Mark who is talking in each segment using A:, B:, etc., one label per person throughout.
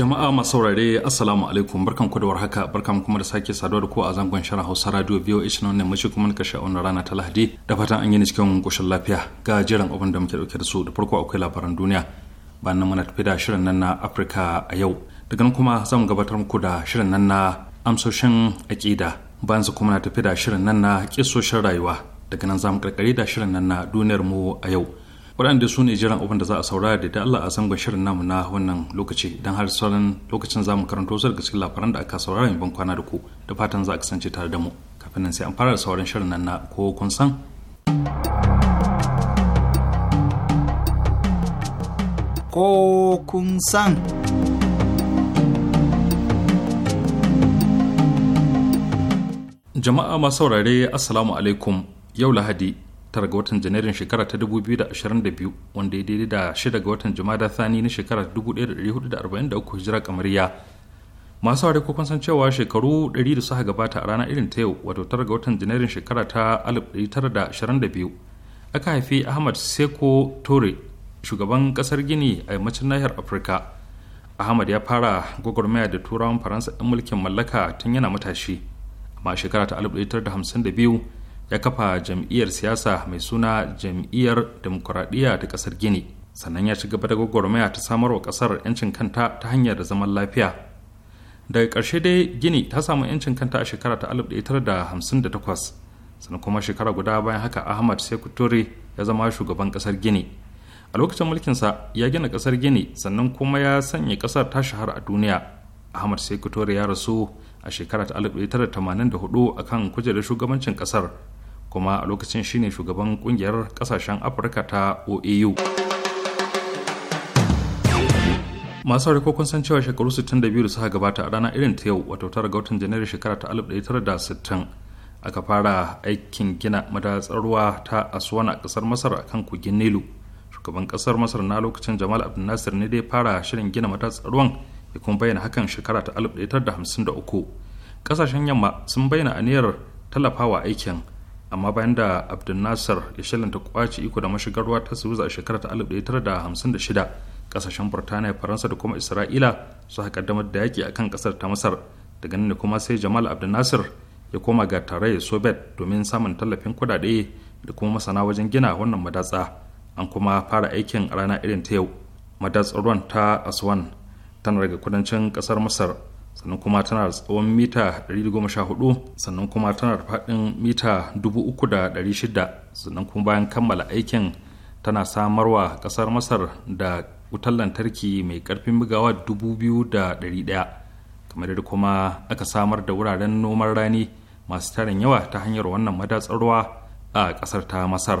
A: jama'a masu saurare assalamu alaikum barkan ku da warhaka barkan kuma da sake saduwa da ku a zangon shirin Hausa Radio biyo ishin wannan mashi kuma kashe wannan rana ta Lahadi da fatan an yi cikin koshin lafiya ga jiran abin da muke dauke da su da farko akwai labaran duniya ba nan muna tafi da shirin nan na Afirka a yau daga nan kuma zamu gabatar muku da shirin nan na amsoshin aƙida bayan su kuma na tafi da shirin nan na kisoshin rayuwa daga nan zamu karkare da shirin nan na duniyar mu a yau waɗanda su ne jiran abin da za a saurara da da Allah a zangon shirin namu na wannan lokaci don har sauran lokacin zamu karanto su daga cikin labaran da aka saurara mai ban kwana da ku da fatan za a kasance tare da mu kafin nan sai an fara da sauran shirin nan na ko kun san.
B: Ko kun san.
A: Jama'a masu saurare Assalamu alaikum yau Lahadi tara ga watan janairun shekara ta 2022 wanda ya daidai da shida ga watan jumada thani na shekara 1443 hijira kamariya masu ware ko san cewa shekaru 100 da suka gabata a rana irin ta yau wato tara ga watan janairun shekara ta 1922 aka haifi ahmad seko tore shugaban kasar gini a yammacin nahiyar afirka ahmad ya fara gwagwarmaya da turawan faransa 'yan mulkin mallaka tun yana matashi amma shekara ta 1952 ya kafa jam'iyyar siyasa mai suna jam'iyyar demokuraɗiyya ta ƙasar gini sannan ya ci gaba da gwagwarmaya ta samar wa ƙasar 'yancin kanta ta hanyar da zaman lafiya daga ƙarshe dai gini ta samu 'yancin kanta a shekara ta 1958 sannan kuma shekara guda bayan haka ahmad sekou toure ya zama shugaban ƙasar gini a lokacin mulkinsa ya gina ƙasar gini sannan kuma ya sanya ƙasar ta shahara a duniya ahmad sai ya rasu a shekara ta 1984 a kan kujerar shugabancin ƙasar. kuma a lokacin shine shugaban kungiyar kasashen afirka ta oau masu harko kun san cewa shekaru 62 da suka gabata a rana irin ta yau wato tara ga watan janairu shekara ta 1960 aka fara aikin gina madatsar ruwa ta asuwan a kasar masar a kan kogin nilu shugaban kasar masar na lokacin jamal abdul nasir ne dai fara shirin gina madatsar ruwan ya kuma bayyana hakan shekara ta 1953 kasashen yamma sun bayyana aniyar tallafawa aikin amma bayan da abdul ya shalanta kwace iko da mashigarwa ta suwiza a shekarar ta 1956 kasashen burtaniya faransa da kuma isra'ila su haka damar da yaki kan kasar ta masar daga nan ne kuma sai jamal abdul ya koma ga tarayyar sobet domin samun tallafin kudade da kuma masana wajen gina wannan madatsa an kuma fara aikin rana irin ta yau madatsar ruwan ta aswan tana daga kudancin ƙasar masar sannan kuma tana da tsawon mita 114 sannan kuma tana da faɗin mita 3,600 sannan kuma bayan kammala aikin tana samarwa ƙasar masar da wutar lantarki mai ƙarfin bugawa 2,100 kamar da kuma aka samar da wuraren noman rani masu tarin yawa ta hanyar wannan madatsar ruwa a ƙasar ta masar.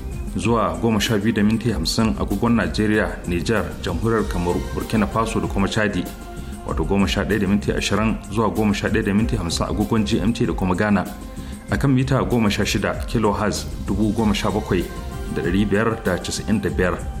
A: zuwa 12 da minti 50 agogon Najeriya, Nijar, Jamhuriyar Kamaru, Burkina Faso da kuma Chadi. Wato 11 da minti 20 zuwa 11 da minti 50 agogon GMT da kuma Ghana. A kan mita 16 kHz 17,595.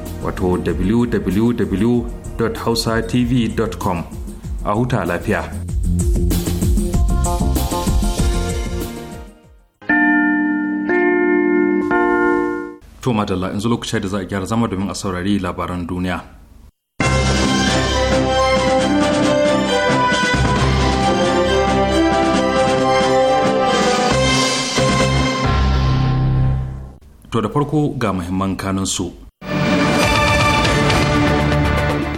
A: wato www.hausatv.com a huta lafiya. To madalla yanzu lokaci da za a gyara zama domin a saurari labaran duniya. To da farko ga muhimman kanunsu.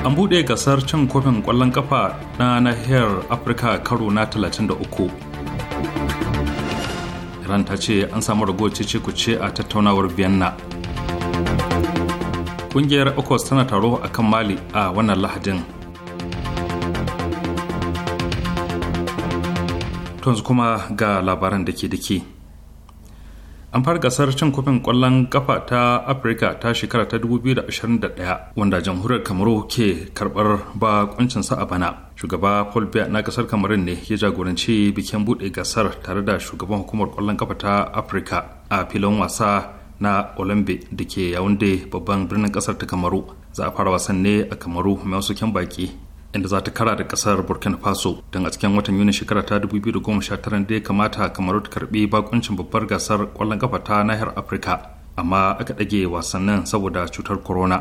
A: an buɗe gasar cin kofin ƙwallon kafa na nahiyar afirka karo na 33 iran ta ce an samu ragowar ce a tattaunawar vienna ƙungiyar ecos tana taro a kan mali a wannan lahadin tunzu kuma ga labaran da ke dake an fara gasar cin kofin kwallon kafa ta afirka ta shekara ta 2021 wanda jamhuriyar kamaru ke karbar ba sa a bana shugaba paul biya na kasar kamarun ne ya jagoranci bikin bude gasar tare da shugaban hukumar kwallon kafa ta afirka a filon wasa na olambe da ke yawunde babban birnin kasar ta kamaru za a fara wasan ne a kamaru mai wasu kyan baki inda za ta kara da kasar burkina faso don a cikin watan yuni shekara ta 2019 da ya kamata kamar ta karbi bakuncin babbar gasar kwallon kafa ta nahiyar afirka amma aka ɗage wasannin saboda cutar corona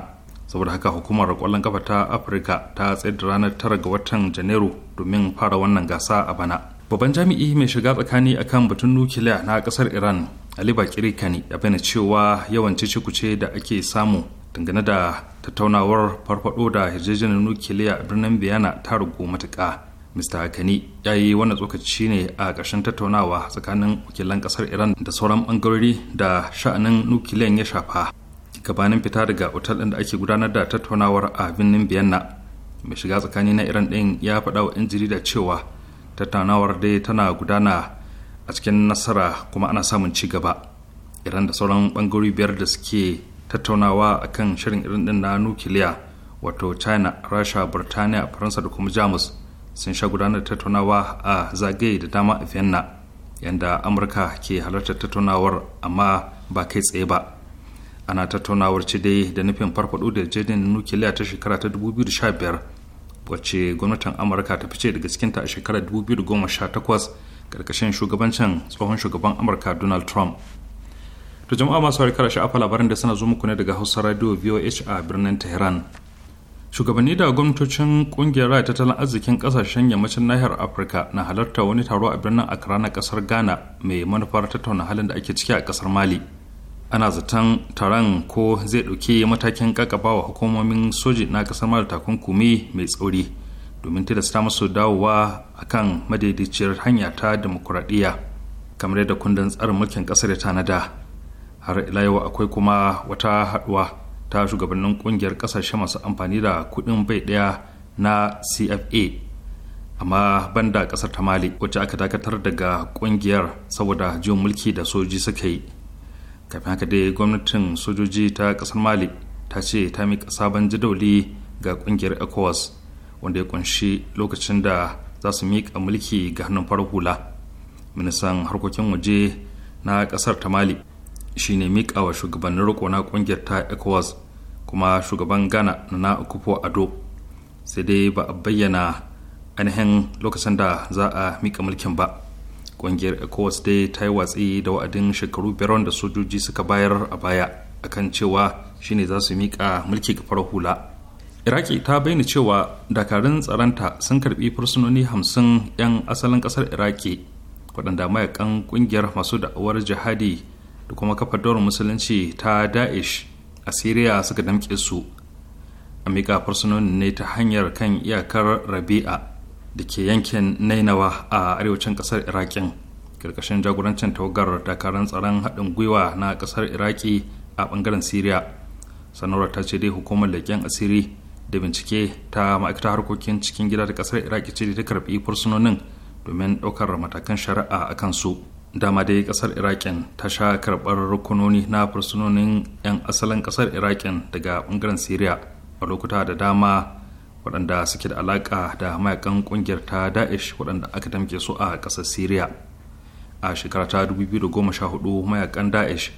A: saboda haka hukumar kwallon kafa ta afirka ta tsayar da ranar tara ga watan janairu domin fara wannan gasa a bana babban jami'i mai shiga tsakani akan batun nukiliya na kasar iran ali bakiri kani ya bayyana cewa yawan cece ce da ake samu dangane da tattaunawar farfado da yarjejeniyar nukiliya a birnin biyana ta rugu matuƙa mr hakani ya yi wannan tsokaci ne a ƙarshen tattaunawa tsakanin wakilan ƙasar iran da sauran ɓangarori da sha'anin nukiliyan ya shafa gabanin fita daga otal ɗin da ake gudanar da tattaunawar a birnin biyana mai shiga tsakani na iran ɗin ya faɗa wa 'yan jarida cewa tattaunawar dai tana gudana a cikin nasara kuma ana samun ci gaba iran da sauran ɓangarori biyar da suke tattaunawa akan shirin irin din na nukiliya wato china rasha burtaniya faransa da kuma jamus sun sha gudanar tattaunawa a zagaye da dama a vienna yadda amurka ke halartar tattaunawar amma ba kai tsaye ba ana tattaunawar ce dai da nufin farfado da jirgin nukiliya ta shekara ta 2015 wacce gwamnatin amurka ta fice daga cikinta a shekarar 2018 karkashin shugabancin tsohon shugaban amurka donald trump to jama'a masu harkar sha'afa labarin da suna zo muku ne daga hausa radio voh a birnin tehran shugabanni da gwamnatocin kungiyar raya tattalin arzikin kasashen yammacin nahiyar afirka na halarta wani taro a birnin accra na kasar ghana mai manufar tattauna halin da ake ciki a kasar mali ana zaton taron ko zai ɗauki matakin kakabawa hukumomin soji na kasar mali takunkumi mai tsauri domin tilasta masu dawowa akan madaidaiciyar hanya ta demokuraɗiyya kamar yadda kundin tsarin mulkin ƙasar ya tanada har ila yau akwai kuma wata haduwa ta shugabannin kungiyar kasashe masu amfani da kudin bai daya na cfa amma banda kasar ta mali wacce aka dakatar daga kungiyar saboda jin mulki da sojoji suka yi kafin haka dai gwamnatin sojoji ta kasar mali ta ce ta mika sabon jadawali ga kungiyar ecowas wanda ya kunshi lokacin da za su miƙa mulki ga hannun farar hula ministan harkokin waje na kasar ta mali shine miƙa wa shugabannin riko na ƙungiyar ta ecowas kuma shugaban ghana na akufo ado sai dai ba a bayyana ainihin lokacin da za a miƙa mulkin ba ƙungiyar ecowas dai ta yi watsi da wa'adin shekaru biyar da sojoji suka bayar a baya akan cewa shine za su miƙa mulki ga farar hula iraki ta bayyana cewa dakarun tsaronta sun karbi fursunoni hamsin 'yan asalin ƙasar iraki waɗanda mayakan ƙungiyar masu da'awar jihadi da kuma kafar musulunci ta daesh a siriya suka damƙe su a miƙa fursunonin ne ta hanyar kan iyakar rabi'a da ke yankin nainawa a arewacin ƙasar iraƙin ƙarƙashin jagorancin tawagar dakarun tsaron haɗin gwiwa na ƙasar iraki a ɓangaren siriya sanarwar ta ce dai hukumar leƙen asiri da bincike ta ma'aikatar harkokin cikin gida da ƙasar iraki ce da ta karɓi fursunonin domin ɗaukar matakan shari'a a kansu dama dai kasar iraƙin ta sha karbar rukunoni na fursunonin 'yan asalin kasar iraƙin daga ɓangaren syria a lokuta da dama waɗanda suke da alaƙa da mayakan ƙungiyar ta da'ish waɗanda aka damke su a ƙasar syria a shekara ta 2014 mayakan daesh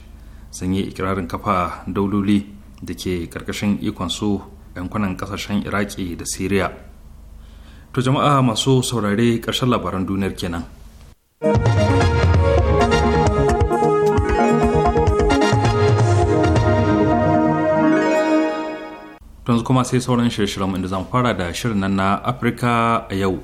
A: sun yi ikirarin kafa dauloli da ke ƙarƙashin ikon su yankunan ƙasashen iraki da syria to jama'a masu saurare ƙarshen labaran duniyar kenan. tun kuma sai sauran shirye-shiryen inda zan fara da shirin nan na afirka a yau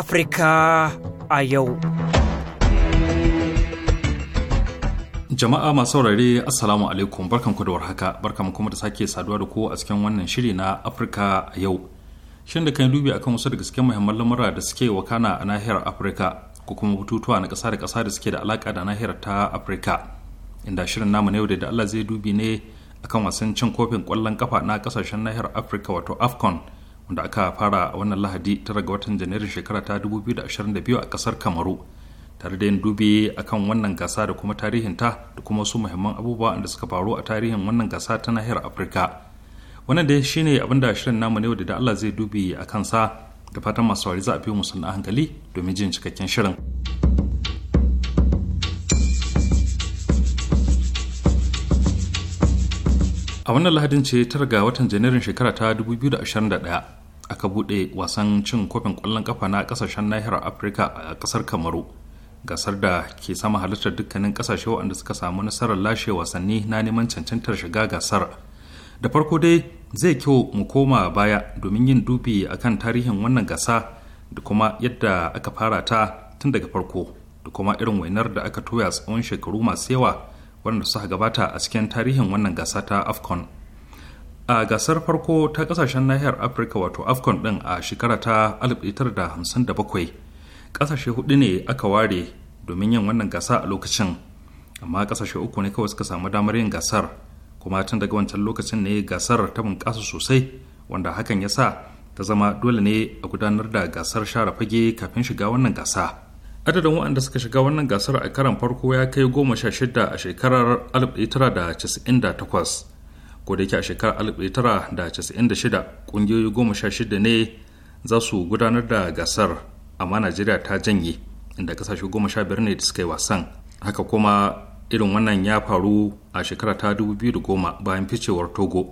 A: afirka a yau jama'a masu saurare assalamu alaikum barkan ku da warhaka barkan kuma da sake saduwa da ku a cikin wannan shiri na afirka a yau shin da kan dubi akan wasu da gaske muhimman lamura da suke wakana a nahiyar afirka ko kuma bututuwa na ƙasa da ƙasa da suke da alaƙa da nahiyar ta afirka inda shirin namu na yau da allah zai dubi ne akan wasan cin kofin ƙwallon kafa na kasashen nahiyar afirka wato afcon wanda aka fara a wannan lahadi tara ga watan janairun shekara ta da 2022 a ƙasar kamaru tare da yin dubi akan wannan gasa da kuma tarihinta da kuma wasu muhimman abubuwa da suka faru a tarihin wannan gasa ta nahiyar afirka wannan dai shine abin da shirin namu ne da Allah zai dubi a kansa da fatan masu sauri za a fi musu na hankali domin jin cikakken shirin a wannan lahadin ce tara ga watan janairun shekara ta 2021 aka bude wasan cin kofin kwallon kafa na kasashen nahiyar afirka a kasar kamaru gasar da ke sama halittar dukkanin kasashe waɗanda suka samu nasarar lashe wasanni na neman cancantar shiga gasar da farko dai zai kyau mu koma baya domin yin dubi akan tarihin wannan gasa da kuma yadda aka fara ta tun daga farko da kuma irin wainar da aka toya tsawon shekaru masu yawa wanda suka gabata a cikin tarihin wannan gasa ta afcon a gasar farko ta kasashen nahiyar afirka wato afcon ɗin a shekara ta 1957 kasashe hudu ne aka ware domin yin wannan gasa a lokacin amma kasashe uku ne kawai suka samu damar yin gasar kuma tun daga wancan lokacin ne gasar ta bunƙasa sosai wanda hakan ya sa ta zama dole ne a gudanar da gasar share fage kafin shiga wannan gasa adadin waɗanda suka shiga wannan gasar a karan farko ya kai goma sha shida a shekarar 1998 ko da yake a shekarar 1996 ƙungiyoyi goma sha shida ne za su gudanar da gasar amma najeriya ta janye inda ƙasashe goma sha biyar ne da suka yi wasan haka kuma irin wannan ya faru a shekara ta 2010 bayan ficewar togo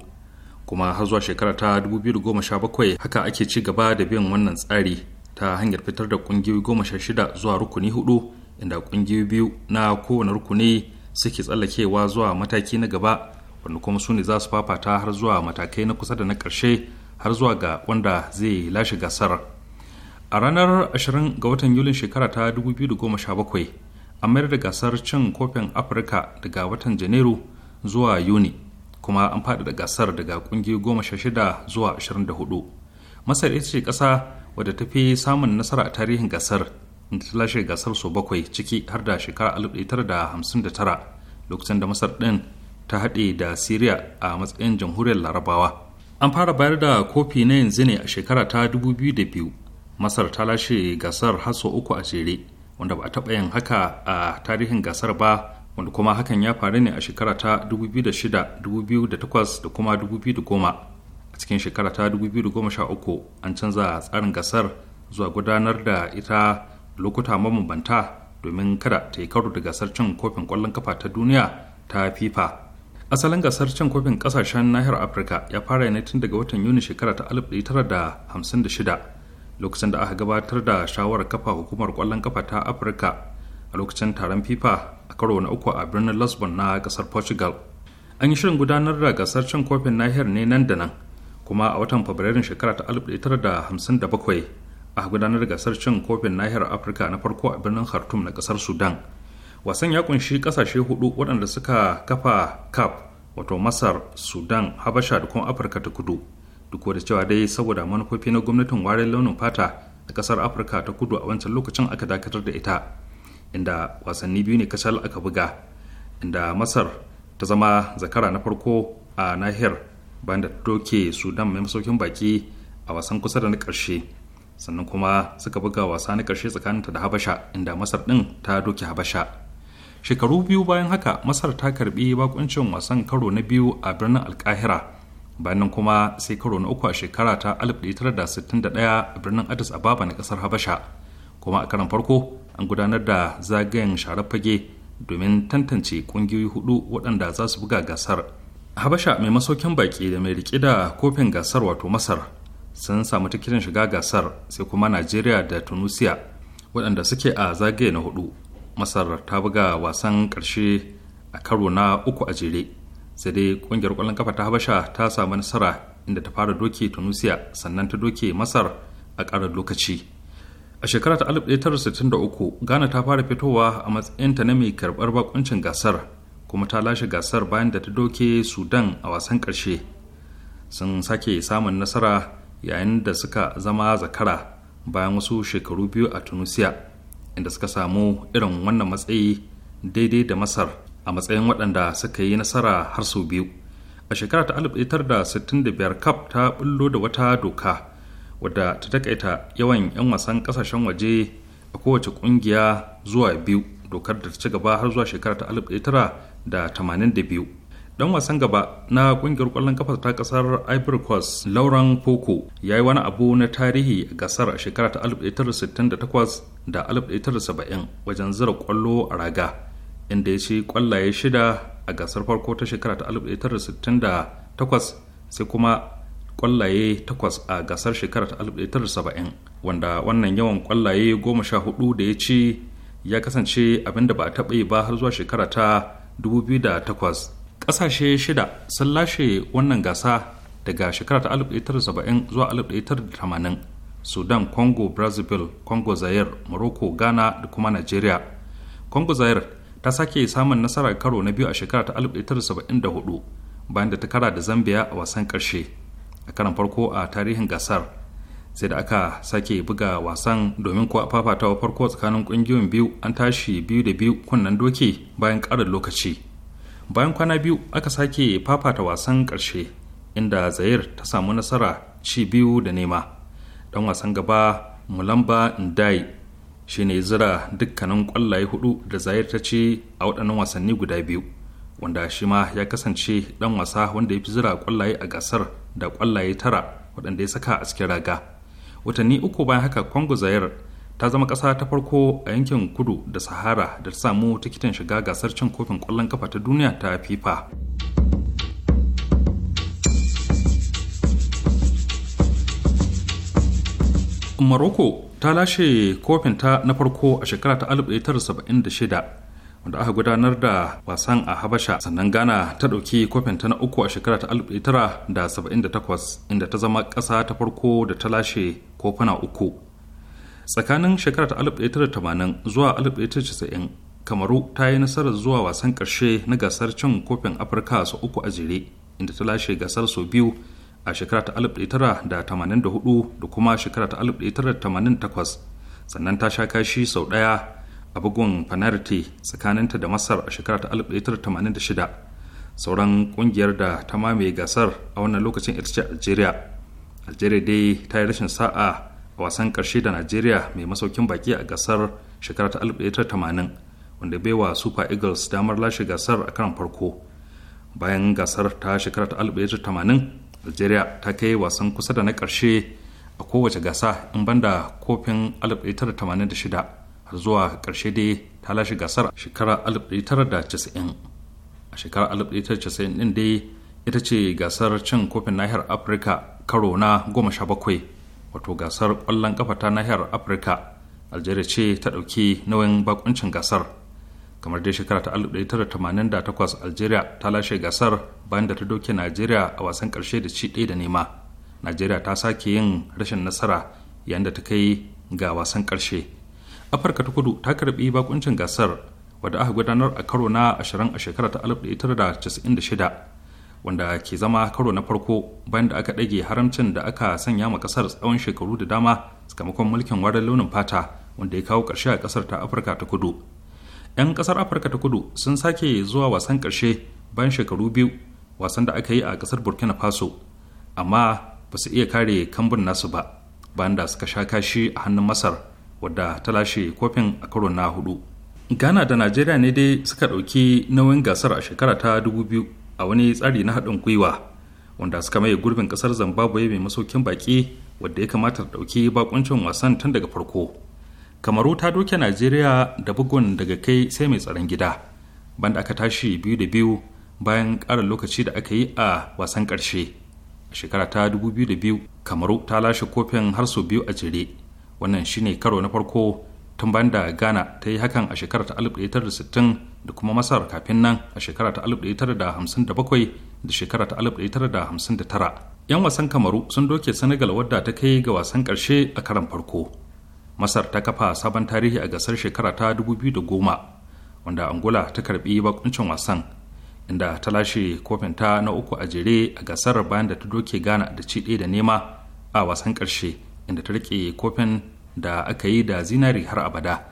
A: kuma har zuwa shekara ta 2017 haka ake ci gaba da bin wannan tsari ta hanyar fitar da kungiyoyi goma sha shida zuwa rukuni hudu inda kungiyoyi biyu na kowane rukuni suke tsallakewa zuwa mataki na gaba wanda kuma su ne za su fafata har zuwa matakai na kusa da na karshe har zuwa ga wanda zai lashe gasar a ranar 20 ga watan yulin shekara ta 2017 a mayar da gasar cin kofin afirka daga watan janairu zuwa yuni kuma an faɗaɗa gasar daga ƙungiyoyi goma sha shida zuwa ashirin hudu masar ita ce ƙasa wadda ta fi samun nasara a tarihin gasar inda ta lashe gasar sau bakwai ciki har da shekara 1959 lokacin da masar ɗin ta haɗe da Siriya a matsayin jamhuriyar larabawa an fara bayar da kofi na yanzu ne a shekara ta 2002 masar ta lashe gasar har sau uku a jere wanda ba a taɓa yin haka a tarihin gasar ba wanda kuma hakan ya faru ne a shekara ta 2006 2008 da kuma 2010 a cikin shekara ta 2013 an canza tsarin gasar zuwa gudanar da ita lokuta mabambanta domin kada ta yi karo da gasar cin kofin kwallon kafa ta duniya ta fifa asalin gasar cin kofin kasashen nahiyar afirka ya fara ne tun daga watan yuni shekara ta 1956 lokacin da aka gabatar da shawarar kafa hukumar kwallon kafa ta afirka a lokacin taron fifa a karo na uku a birnin lisbon na kasar portugal an yi shirin gudanar da gasar cin kofin nahiyar ne nan da nan kuma a watan fabrairun shekara ta 1957 a gudanar da gasar cin kofin nahiyar afirka na farko a birnin khartoum na kasar sudan wasan ya kunshi kasashe hudu waɗanda suka kafa cap wato masar sudan habasha da kuma afirka ta kudu duk da cewa dai saboda manufofi na gwamnatin warin launin fata a kasar afirka ta kudu a wancan lokacin aka dakatar da ita inda wasanni biyu ne kasar aka buga inda masar ta zama zakara na farko a nahiyar bayan da doke sudan mai masaukin baki a wasan kusa da na karshe sannan kuma suka buga wasa na tsakanin tsakaninta da habasha inda masar din ta doke habasha shekaru biyu bayan haka masar ta karbi bakuncin wasan karo na biyu a birnin alkahira bayan kuma sai karo na uku a shekara ta 1961 a birnin addis ababa na kasar habasha kuma a karan farko an gudanar da zagayen sharar fage domin tantance kungiyoyi hudu waɗanda za su buga gasar habasha mai masaukin baki da mai rike da kofin gasar wato masar sun samu tikitin shiga gasar sai kuma najeriya da tunisia waɗanda suke a zagaye na hudu masar ta buga wasan karshe a karo na uku a jere sai dai kungiyar kwallon kafa ta habasha ta samu nasara inda ta fara doke tunisia sannan ta doke masar a ƙara lokaci a shekara ta 1963 ghana ta fara fitowa a matsayinta na mai karɓar bakuncin gasar kuma ta lashe gasar bayan da ta doke sudan a wasan ƙarshe sun sake samun nasara yayin da suka zama zakara bayan wasu shekaru biyu a tunisia inda suka samu irin wannan matsayi daidai da masar a matsayin waɗanda suka yi nasara har sau biyu a shekara ta 1965 cap ta bullo da wata doka wadda ta takaita yawan 'yan wasan kasashen waje a kowace ƙungiya zuwa biyu dokar da ta ci gaba har zuwa shekara ta 1982 dan wasan gaba na ƙungiyar kwallon kafa ta ƙasar ivory coast lauren poco ya yi wani abu na tarihi a gasar a shekara ta 1968 da 1970 wajen zira kwallo a raga inda ya ci kwallaye shida a gasar farko ta shekara ta 1968 sai kuma kwallaye takwas a gasar shekara ta 1970 wanda wannan yawan kwallaye goma sha hudu da ya ci ya kasance abinda ba a taɓa yi ba har zuwa shekara ta 2008 ƙasashe shida sun lashe wannan gasa daga shekara ta 1970 zuwa 1980 sudan congo brazil congo zaire morocco ghana da kuma nigeria congo zaire ta sake samun nasara karo na biyu a shekara ta 1974 bayan da ta kara da zambia a wasan karshe a karan farko a tarihin gasar sai da aka sake buga wasan domin kuwa fafatawa farko tsakanin kungiyoyin biyu an tashi biyu da biyu kunnen doke bayan karin lokaci bayan kwana biyu aka sake fafata wasan karshe inda zayir ta samu nasara ci biyu da nema dan wasan gaba mulamba ndai shine zira dukkanin kwallaye hudu da zayar ta ce a waɗannan wasanni guda biyu wanda shi ma ya kasance dan wasa wanda ya fi zira kwallaye a gasar da kwallaye tara waɗanda ya saka a cikin raga watanni uku bayan haka kwango zayar ta zama ƙasa ta farko a yankin kudu da sahara da ta samu tikitin shiga gasar cin kofin kwallon kafa ta duniya ta fifa Morocco ta lashe kofinta na farko a shekara ta 1976 wanda aka gudanar da wasan a habasha sannan ghana ta ɗauki kofinta na uku a shekara ta 1978 inda ta zama ƙasa ta farko da ta lashe kofuna uku tsakanin shekara ta 1980 zuwa 1990 kamaru ta yi nasarar zuwa wasan ƙarshe na gasar cin kofin afirka su uku a jere inda ta lashe gasar sau biyu a shekara ta 1984 da kuma shekara ta 1988 sannan ta sha kashi sau ɗaya a bugun fanarti tsakaninta da masar a shekara ta 1986 sauran kungiyar da ta mamaye gasar a wannan lokacin ita ce algeria algeria dai ta yi rashin sa'a a wasan karshe da nigeria mai masaukin baki a gasar shekara ta 1980 wanda baiwa super eagles damar lashe gasar a karan farko bayan gasar ta shekara ta tamanin. algeria ta kai wasan kusa da na ƙarshe a kowace gasa in banda kofin 1986 har zuwa ƙarshe dai ta lashe gasar shekara 1990 a shekarar 1990 ɗin dai ita ce gasar cin kofin nahiyar afirka karo na 17 wato gasar ƙwallon kafa ta nahiyar afirka algeria ce ta ɗauki nauyin bakuncin gasar kamar dai shekara ta 1988 algeria ta lashe gasar bayan da ta doke najeriya a wasan karshe da ci ɗaya da nema najeriya ta sake yin rashin nasara yayin da ta kai ga wasan karshe afirka ta kudu ta karbi bakuncin gasar wadda aka gudanar a karo na 20 a shekara ta 1996 wanda ke zama karo na farko bayan da aka ɗage haramcin da aka sanya ma kasar tsawon shekaru da dama sakamakon mulkin warin launin fata wanda ya kawo ƙarshe a kasar ta afirka ta kudu 'yan kasar afirka ta kudu sun sake zuwa wasan ƙarshe bayan shekaru biyu wasan da aka yi a kasar burkina faso amma ba su iya kare kambun nasu ba bayan da suka sha kashi a hannun masar wadda ta lashe kofin a karo na hudu ghana da najeriya ne dai suka ɗauki nauyin gasar a shekara ta 2000 a wani tsari na haɗin gwiwa wanda suka maye gurbin kasar zimbabwe mai masaukin baki wadda ya kamata ta ɗauki bakuncin wasan tun daga farko kamaru ta doke najeriya da bugun daga kai sai mai tsaron gida banda aka tashi biyu da biyu bayan ƙara lokaci da aka yi a wasan karshe a shekara ta 2002 kamaru ta lashe kofin har sau biyu a jere wannan shine karo na farko tun bayan da ghana ta yi hakan a shekara ta 1960 da kuma masar kafin nan a shekara ta 1957 da shekara ta 1959 'yan wasan kamaru sun doke senegal wadda ta kai ga wasan karshe a karan farko masar ta kafa sabon tarihi a gasar shekara ta 2010 wanda angola ta karbi bakuncin wasan inda ta lashe kofin ta na uku a jere a gasar bayan da ta doke ghana da ci da nema a wasan karshe inda ta rike kofin da aka yi da zinari har abada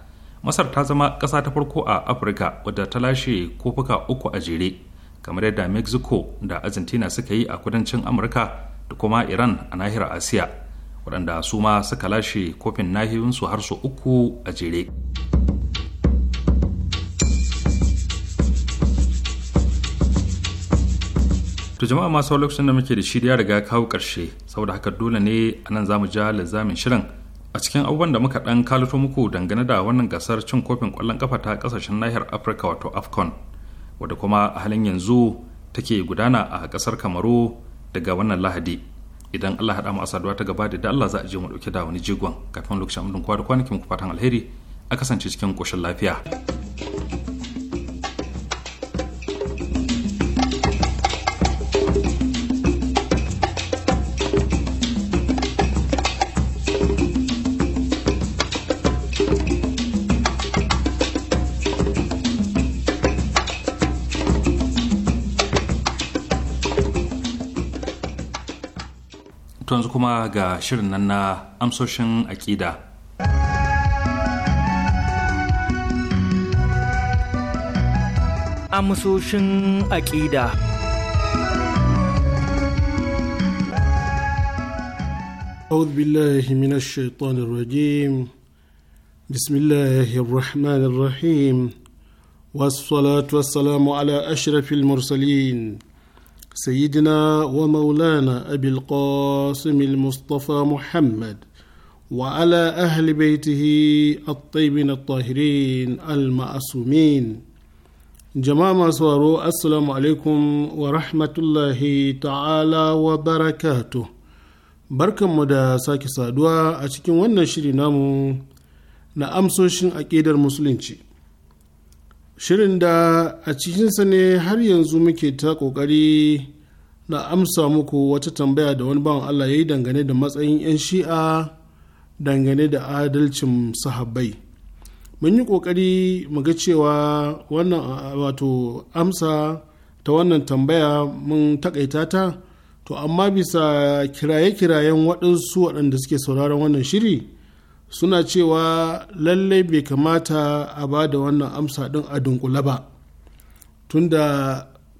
A: masar ta zama ƙasa ta farko a afirka wadda ta lashe kofuka uku a jere kamar yadda mexico da argentina suka yi a kudancin amurka da kuma iran a nahiyar asiya waɗanda su ma suka lashe kofin nahiyunsu har su uku a jere to jama'a masu lokacin da muke da shi ya riga kawo ƙarshe saboda haka dole ne a nan za mu ja lizamin shirin a cikin abubuwan da muka ɗan kalato muku dangane da wannan gasar cin kofin ƙwallon ƙafa ta ƙasashen nahiyar afirka wato afcon wadda kuma a halin yanzu take gudana a ƙasar kamaru daga wannan lahadi idan Allah haɗa mu a saduwa ta gaba da Allah za a je mu ɗauke da wani jigon kafin lokacin amurin kwa da kwanakin ku fatan alheri a kasance cikin ƙoshin lafiya. yanzu kuma ga shirin nan na amsoshin aƙida. Amsoshin aƙida
C: أعوذ بالله من الشيطان الرجيم بسم الله الرحمن الرحيم والصلاة والسلام على أشرف المرسلين سيدنا ومولانا أبي القاسم المصطفى محمد وعلى أهل بيته الطيبين الطاهرين المعصومين جماعة سوارو السلام عليكم ورحمة الله تعالى وبركاته barkan mu da sake saduwa a cikin wannan shiri namu na amsoshin aƙidar musulunci shirin da a cikinsa ne har yanzu muke ta ƙoƙari na amsa muku wata tambaya da wani bawan Allah ya yi dangane da matsayin 'yan shi'a dangane da adalcin sahabbai mun yi ƙoƙari mu ga cewa wannan wato amsa ta wannan tambaya mun takaita ta to amma bisa kiraye-kirayen waɗansu waɗanda suke sauraron wannan shiri suna cewa lallai bai kamata a ba da wannan amsa din a dunkula ba tunda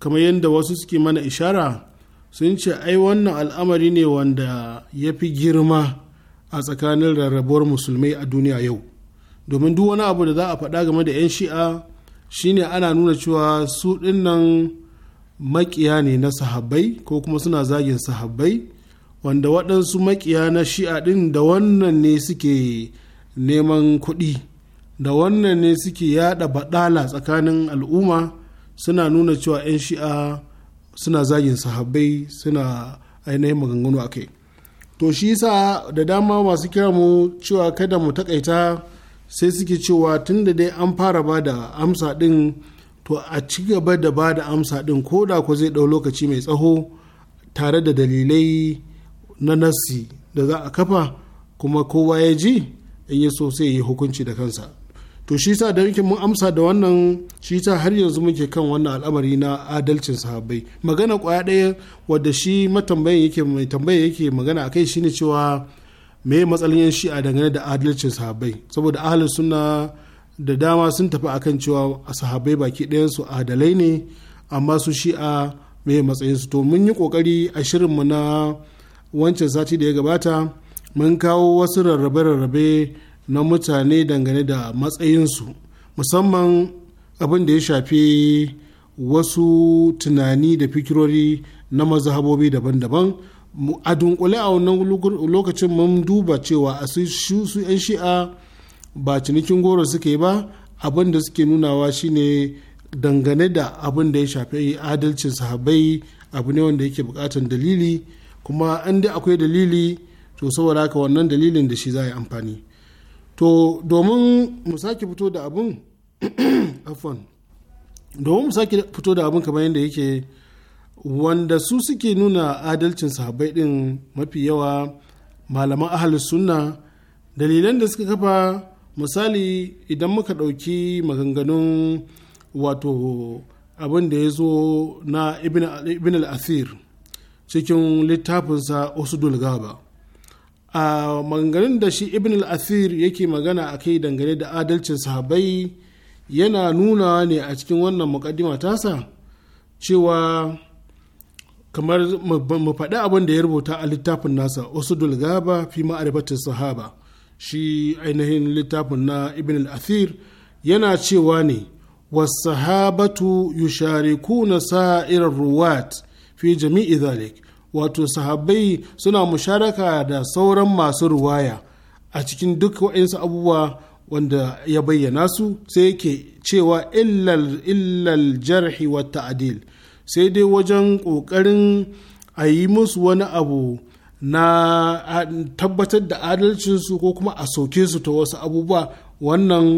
C: kamar yadda wasu suke mana ishara sun ce ai wannan al'amari ne wanda ya fi girma a tsakanin rarrabuwar musulmai a duniya yau domin duk wani abu da za a faɗa game da 'yan shi'a shine ana nuna cewa su ɗinnan makiya ne na sahabbai ko kuma suna zagin sahabbai wanda waɗansu makiya na shi'a ɗin da wannan ne suke neman kuɗi da wannan ne suke yada baɗala tsakanin al'umma suna nuna cewa 'yan shi'a suna zagin sahabbai suna ainihin maganganu a kai to shi yasa da dama masu kira mu cewa kada mu takaita sai suke cewa tun da dai an fara ba da amsa ɗin to a ci gaba da ba da amsa ɗin ko da ko zai ɗau lokaci mai tsaho tare da dalilai na nasi da za a kafa kuma kowa ya ji in ya so sai ya yi hukunci da kansa to shi sa da mun amsa da wannan shi sa har yanzu muke kan wannan al'amari na adalcin sahabbai magana kwaya ɗaya wadda shi matambayin yake mai tambaya yake magana akai shine cewa me matsalin yan shi'a dangane da adalcin sahabbai saboda ahalin suna da dama sun tafi akan cewa a sahabbai baki ɗayan su adalai ne amma su shi'a me matsayin su to mun yi kokari a shirin mu na wancan sati da ya gabata mun kawo wasu rarrabe-rarrabe na mutane dangane da matsayinsu musamman abin da ya shafi wasu tunani da fikirori na mazhabobi daban-daban a dunkule a wannan lokacin mun duba cewa a su 'yan shi'a ba cinikin goro suke ba abin da suke nunawa shine dangane da abin da ya shafi adalcin sahabai abu ne wanda yake bukatan dalili kuma an dai akwai dalili to saboda haka wannan dalilin da shi za a yi amfani to domin mu sake fito da abun afon domin mu sake fito da abun kamar yadda yake wanda su suke nuna adalcin sahabbai din mafi yawa malaman ahalin sunna dalilan da suka kafa misali idan muka ɗauki maganganun wato abin da ya zo na ibn al-asir cikin littafinsa usudul gaba a maganganun da shi ibn al-athir yake magana a kai dangane da adalcin sahabai yana nuna ne a cikin wannan mukaddima tasa cewa kamar mu faɗi abin da ya rubuta a littafin nasa usudul gaba fi ma'arifatin sahaba shi ainihin littafin na ibn al-athir yana cewa ne Wasu wasahabatu yusharikuna sa'irar ruwat fi jami'i zalik wato sahabbai suna musharaka da sauran masu ruwaya a cikin duk waɗansu abubuwa wanda ya bayyana su sai yake cewa illal illal jarhi wa ta'adil sai dai wajen ƙoƙarin a yi musu wani abu na tabbatar da adalcinsu ko kuma a soke su ta wasu abubuwa wannan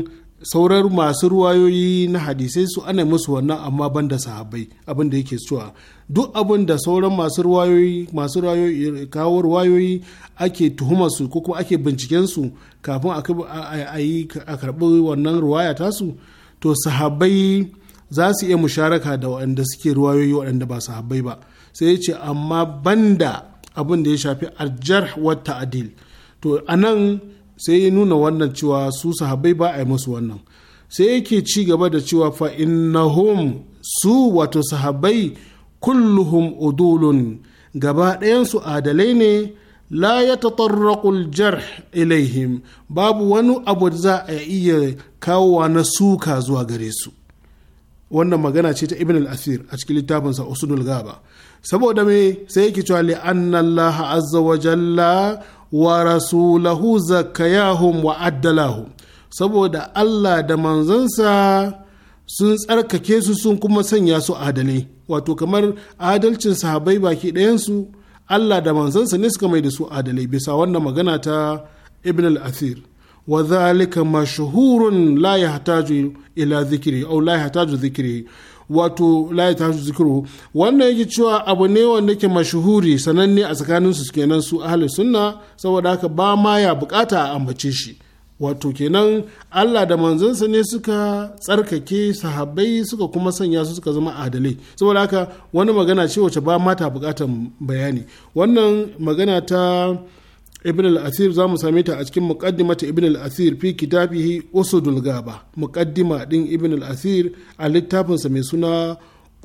C: saurar masu ruwayoyi na hadisai su ana musu wannan amma ban da sahabbai abin yake cewa duk abin da sauran masu ruwayoyi masu ruwayoyi kawo ruwayoyi ake tuhuma su ko kuma ake binciken su kafin a yi a karɓi wannan ruwaya tasu to sahabai za su iya musharaka da waɗanda suke ruwayoyi waɗanda ba sahabai ba sai ce amma banda abin da ya shafi aljar wa ta'adil to anan sai ya nuna wannan cewa su sahabbai ba a yi musu wannan sai yake ci gaba da cewa fa innahum su wato sahabbai kulluhum udulun gaba ɗayansu adalai ne la ya tatarraƙul jarh ilaihim babu wani abu da za a iya kawowa na suka zuwa gare su wannan magana ce ta ibn al-asir a cikin littafin littafinsa usudul gaba saboda me sai yake cewa li'anna allaha azza wa jalla wa rasulahu zakayahum wa addalahu saboda Allah da manzansa sun tsarkake su sun kuma sanya su adalai wato kamar adalcin sahabai baki ɗayansu Allah da manzansa ne suka mai da su adalai bisa wannan magana ta ibn al-athir wa zalika mashhurun la yahtaju ila zikri aw la yahtaju zikri wato layi ta zikiru wannan yake cewa abu ne wanda ke mashuhuri sananne a tsakanin su kenan su ahli sunna saboda haka ba ma ya bukata a ambace shi wato kenan Allah da manzansa ne suka tsarkake sahabbai suka kuma sanya su suka zama adalai saboda haka wani magana ce wacce ba mata ta bukatan bayani wannan magana ta ibn al-asir za mu same ta a cikin muqaddimata ibn al-asir fi kitabihi usudul gaba muqaddima din ibn al-asir a littafinsa mai suna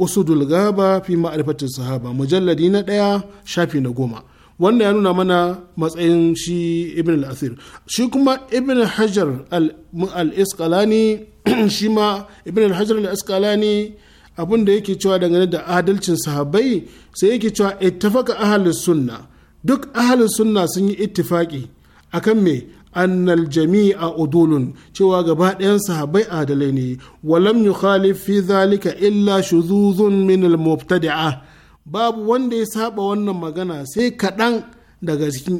C: usudul gaba fi ma'rifatin sahaba mujalladi na ɗaya shafi na goma wannan ya nuna mana matsayin shi ibn al-asir shi kuma ibn hajar al-isqalani shi ma ibn hajar al-isqalani abin da yake cewa dangane da adalcin sahabbai sai yake cewa ittafaqa ahlus sunna duk ahalin sunna sun yi ittifaki akan me annal jami'a udulun cewa gaba ɗayan sahabbai adalai ne walam yukhalif fi zalika illa shuzuzun min al mubtadi'a babu wanda ya saba wannan magana sai kaɗan daga cikin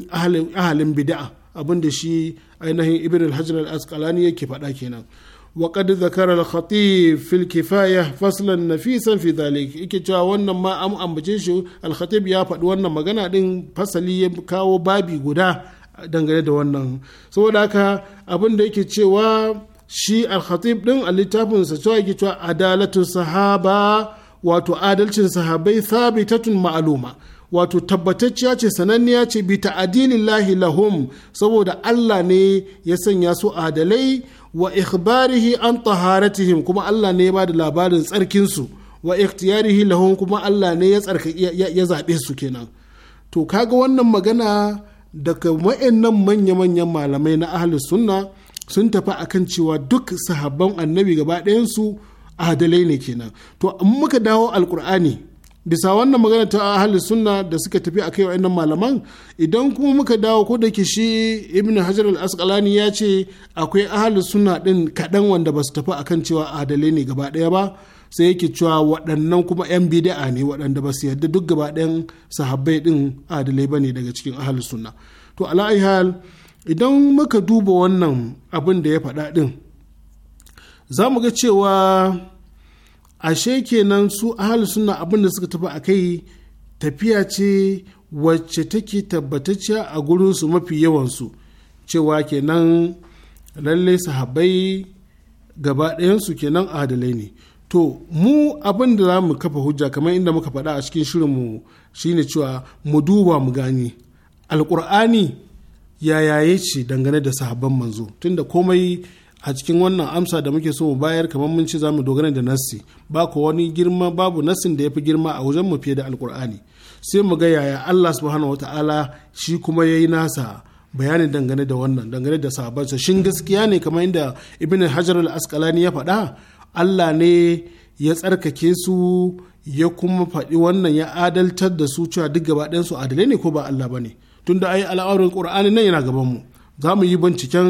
C: ahalin bid'a abinda shi ainihin ibn al-hajar al-asqalani yake faɗa kenan وقد ذكر الخطيب في الكفاية فصلا نفيسا في ذلك yake cewa wannan ma an ambace shi alkhatib ya faɗi wannan magana ɗin fasali ya kawo babi guda dangane da wannan saboda haka abin da yake cewa shi alkhatib ɗin a littafinsa cewa yake cewa adalatu sahaba wato adalcin sahabai sabitatun ma'aluma wato tabbatacciya ce sananniya ce bi ta'adilillahi lahum saboda Allah ne ya sanya su adalai wa ikhbarihi an taharatihim kuma Allah ne ya ba da labarin tsarkinsu wa ikhtiyarihi lahum kuma Allah ne ya tsarka ya zaɓe su kenan to kaga wannan magana daga wayannan manya-manyan malamai na ahli sunna sun tafi akan cewa duk sahabban annabi gaba ɗayansu adalai ne kenan to in muka dawo alkur'ani bisa wannan magana ta ahli sunna da suka tafi a akai wa'annan malaman idan kuma muka dawo ko da ke shi ibn hajar al-asqalani ya ce akwai ahli sunna din kaɗan wanda ba su tafi akan cewa adalai ne gaba ɗaya ba sai yake cewa waɗannan kuma 'yan bida'a ne waɗanda ba su yarda duk gaba ɗayan sahabbai din adalai ba ne daga cikin ahli sunna to ala hal idan muka duba wannan abin da ya faɗa din za mu ga cewa ashe kenan su ahal suna abin da suka tafi a kai tafiya ce wacce take tabbatacciya a gurinsu mafi yawansu cewa kenan lallai sahabbai gaba ɗayansu kenan adalai ne to mu abin da za mu kafa hujja kamar inda muka faɗa a cikin mu shine cewa mu duba mu gani alƙur'ani ya yaye ce dangane da sahabban manzo tunda komai a cikin wannan amsa da muke so mu bayar kamar mun ce za mu dogara da nassi ba ko wani girma babu nassin da ya fi girma a wajen mu fiye da alkur'ani sai mu ga yaya Allah subhanahu wataala shi kuma yayi nasa bayanin dangane da wannan dangane da sabansa shin gaskiya ne kamar inda ibn hajar al-asqalani ya faɗa Allah ne ya tsarkake su ya kuma faɗi wannan ya adaltar da su cewa duk gaba ɗayan su adalai ne ko ba Allah bane tunda ai al'aurin qur'ani nan yana gaban mu za mu yi binciken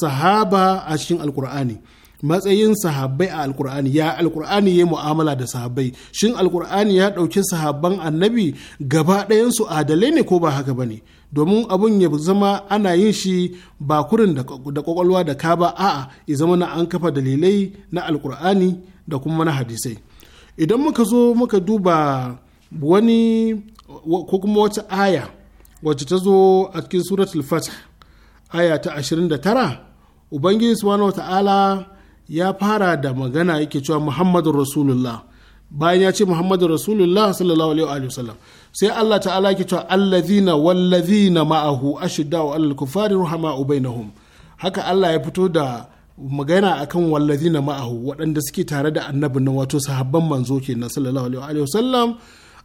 C: sahaba a cikin alkur'ani matsayin sahabbai a alkur'ani ya alkur'ani ya mu'amala da sahabbai shin alkur'ani ya ɗauki sahabban annabi gaba ɗayansu adalai ne ko ba haka ba ne domin abun ya zama ana yin shi ba kurin da kwakwalwa da ka ba a'a ya zama na an kafa dalilai na alkur'ani da kuma na hadisai idan muka zo muka duba wani ko kuma wata aya wacce ta zo a cikin suratul fatih aya ta 29 ubangiji subhanahu wa ta'ala ya fara da magana yake cewa muhammadun rasulullah bayan ya ce muhammadun rasulullah sallallahu alaihi wa sallam sai allah ta'ala yake cewa allazina wallazina ma'ahu ashiddau alal kufari ruhama'u bainahum haka allah ya fito da magana akan wallazina ma'ahu waɗanda suke tare da annabi na wato sahabban manzo kenan sallallahu alaihi wa sallam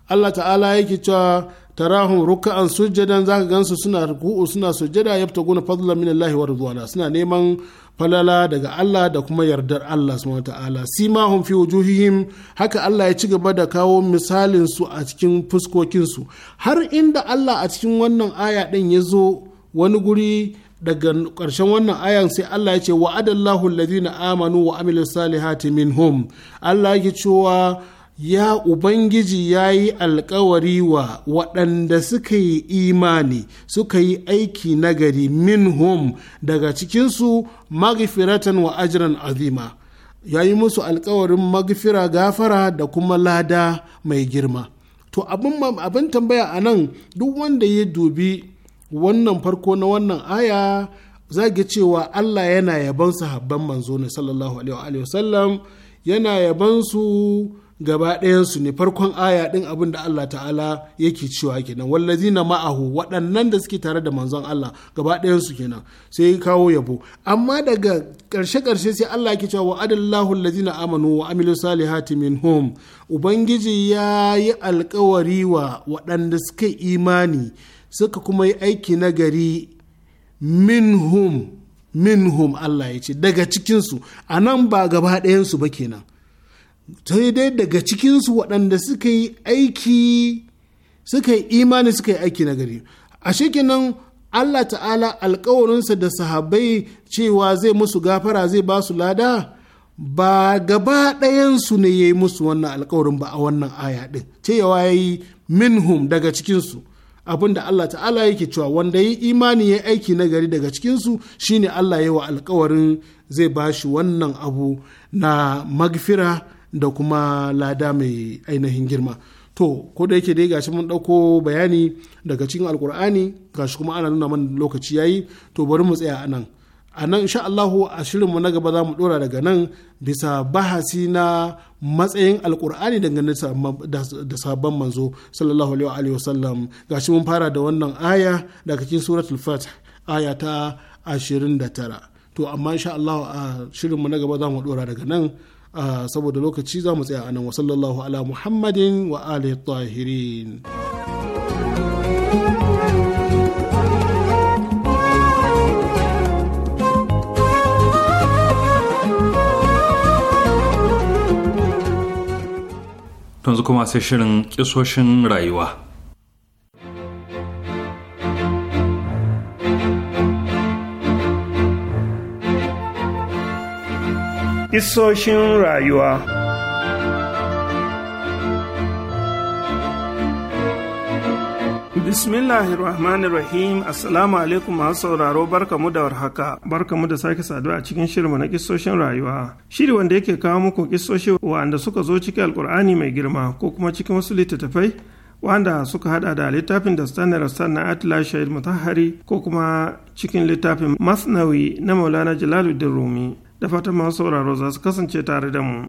C: Allah ta'ala yake cewa tarahum ruka'an sujjadan zaka gansu suna ruku'u suna sujjada yabtaguna fadlan min Allah wa ridwana suna neman falala daga Allah da kuma yardar Allah subhanahu wataala simahum fi wujuhihim haka Allah ya ci gaba da kawo misalin su a cikin fuskokin su har inda Allah a cikin wannan aya din ya zo wani guri daga karshen wannan ayan sai Allah ya ce wa'adallahu alladhina amanu wa amilus salihati minhum Allah ya ce cewa ya Ubangiji ya yi alkawari wa waɗanda suka yi imani suka yi aiki nagari minhum daga cikinsu magfiratan wa ajiran azima ya yi musu alkawarin magifira gafara da kuma lada mai girma to abin tambaya a nan duk wanda ya dubi wannan farko na wannan aya zage cewa Allah yana yaban sahabban manzo ne sallallahu alaihi wa sallam yana yaban su gaba ɗayansu ne farkon aya ɗin abin da Allah ta'ala yake cewa kenan na ma'ahu waɗannan da suke tare da manzon Allah gaba ɗayansu kenan sai ya kawo yabo amma daga ƙarshe ƙarshe sai Allah yake cewa wa'adallahu na amanu wa amilu salihati minhum ubangiji ya yi alkawari wa waɗanda suka imani suka kuma yi aiki na gari minhum minhum Allah ya ce daga cikinsu a nan ba gaba ɗayansu ba kenan sai dai daga cikinsu waɗanda suka yi aiki suka yi imani suka yi aiki nagari a shekinan Allah ta'ala alkawarinsa da sahabbai cewa zai musu gafara zai ba su lada ba gaba ɗayansu ne ya yi musu wannan alkawarin ba a wannan aya ɗin cewa ya yi minhum daga cikinsu abinda Allah ta'ala yake cewa wanda ya yi imani ya aiki nagari daga cikinsu shine Allah ya wa alkawarin zai ba shi wannan abu na magfira da kuma lada mai ainihin girma to ko da yake dai gashi mun ɗauko bayani daga cikin alkur'ani gashi kuma ana nuna mana lokaci yayi to bari mu tsaya anan nan a nan insha Allah a shirinmu na gaba za mu dora daga nan bisa bahasi na matsayin alkur'ani dangane da sabon manzo sallallahu alaihi wa sallam gashi mun fara da wannan aya daga cikin suratul fath aya ta 29 to amma insha Allah a shirinmu na gaba za mu dora daga nan Ah, saboda lokaci za mu tsaya a nan wa sallallahu ala muhammadin wa alihi tahirin
A: yanzu kuma sai shirin kisoshin rayuwa
B: Isoshin rayuwa Bismillahir Rahmanir Rahim Assalamu alaikum masu sauraro barkamu da warhaka barkamu da sake saduwa a cikin shirmu na kisoshin rayuwa shiri wanda yake kawo muku kisoshi wanda suka zo cikin alkur'ani mai girma ko kuma cikin wasu littattafai wanda suka hada da littafin da stanar na atila shahid mutahari ko kuma cikin littafin masnawi na maulana jalaluddin rumi da fatan masu sauraro za su kasance tare da mu.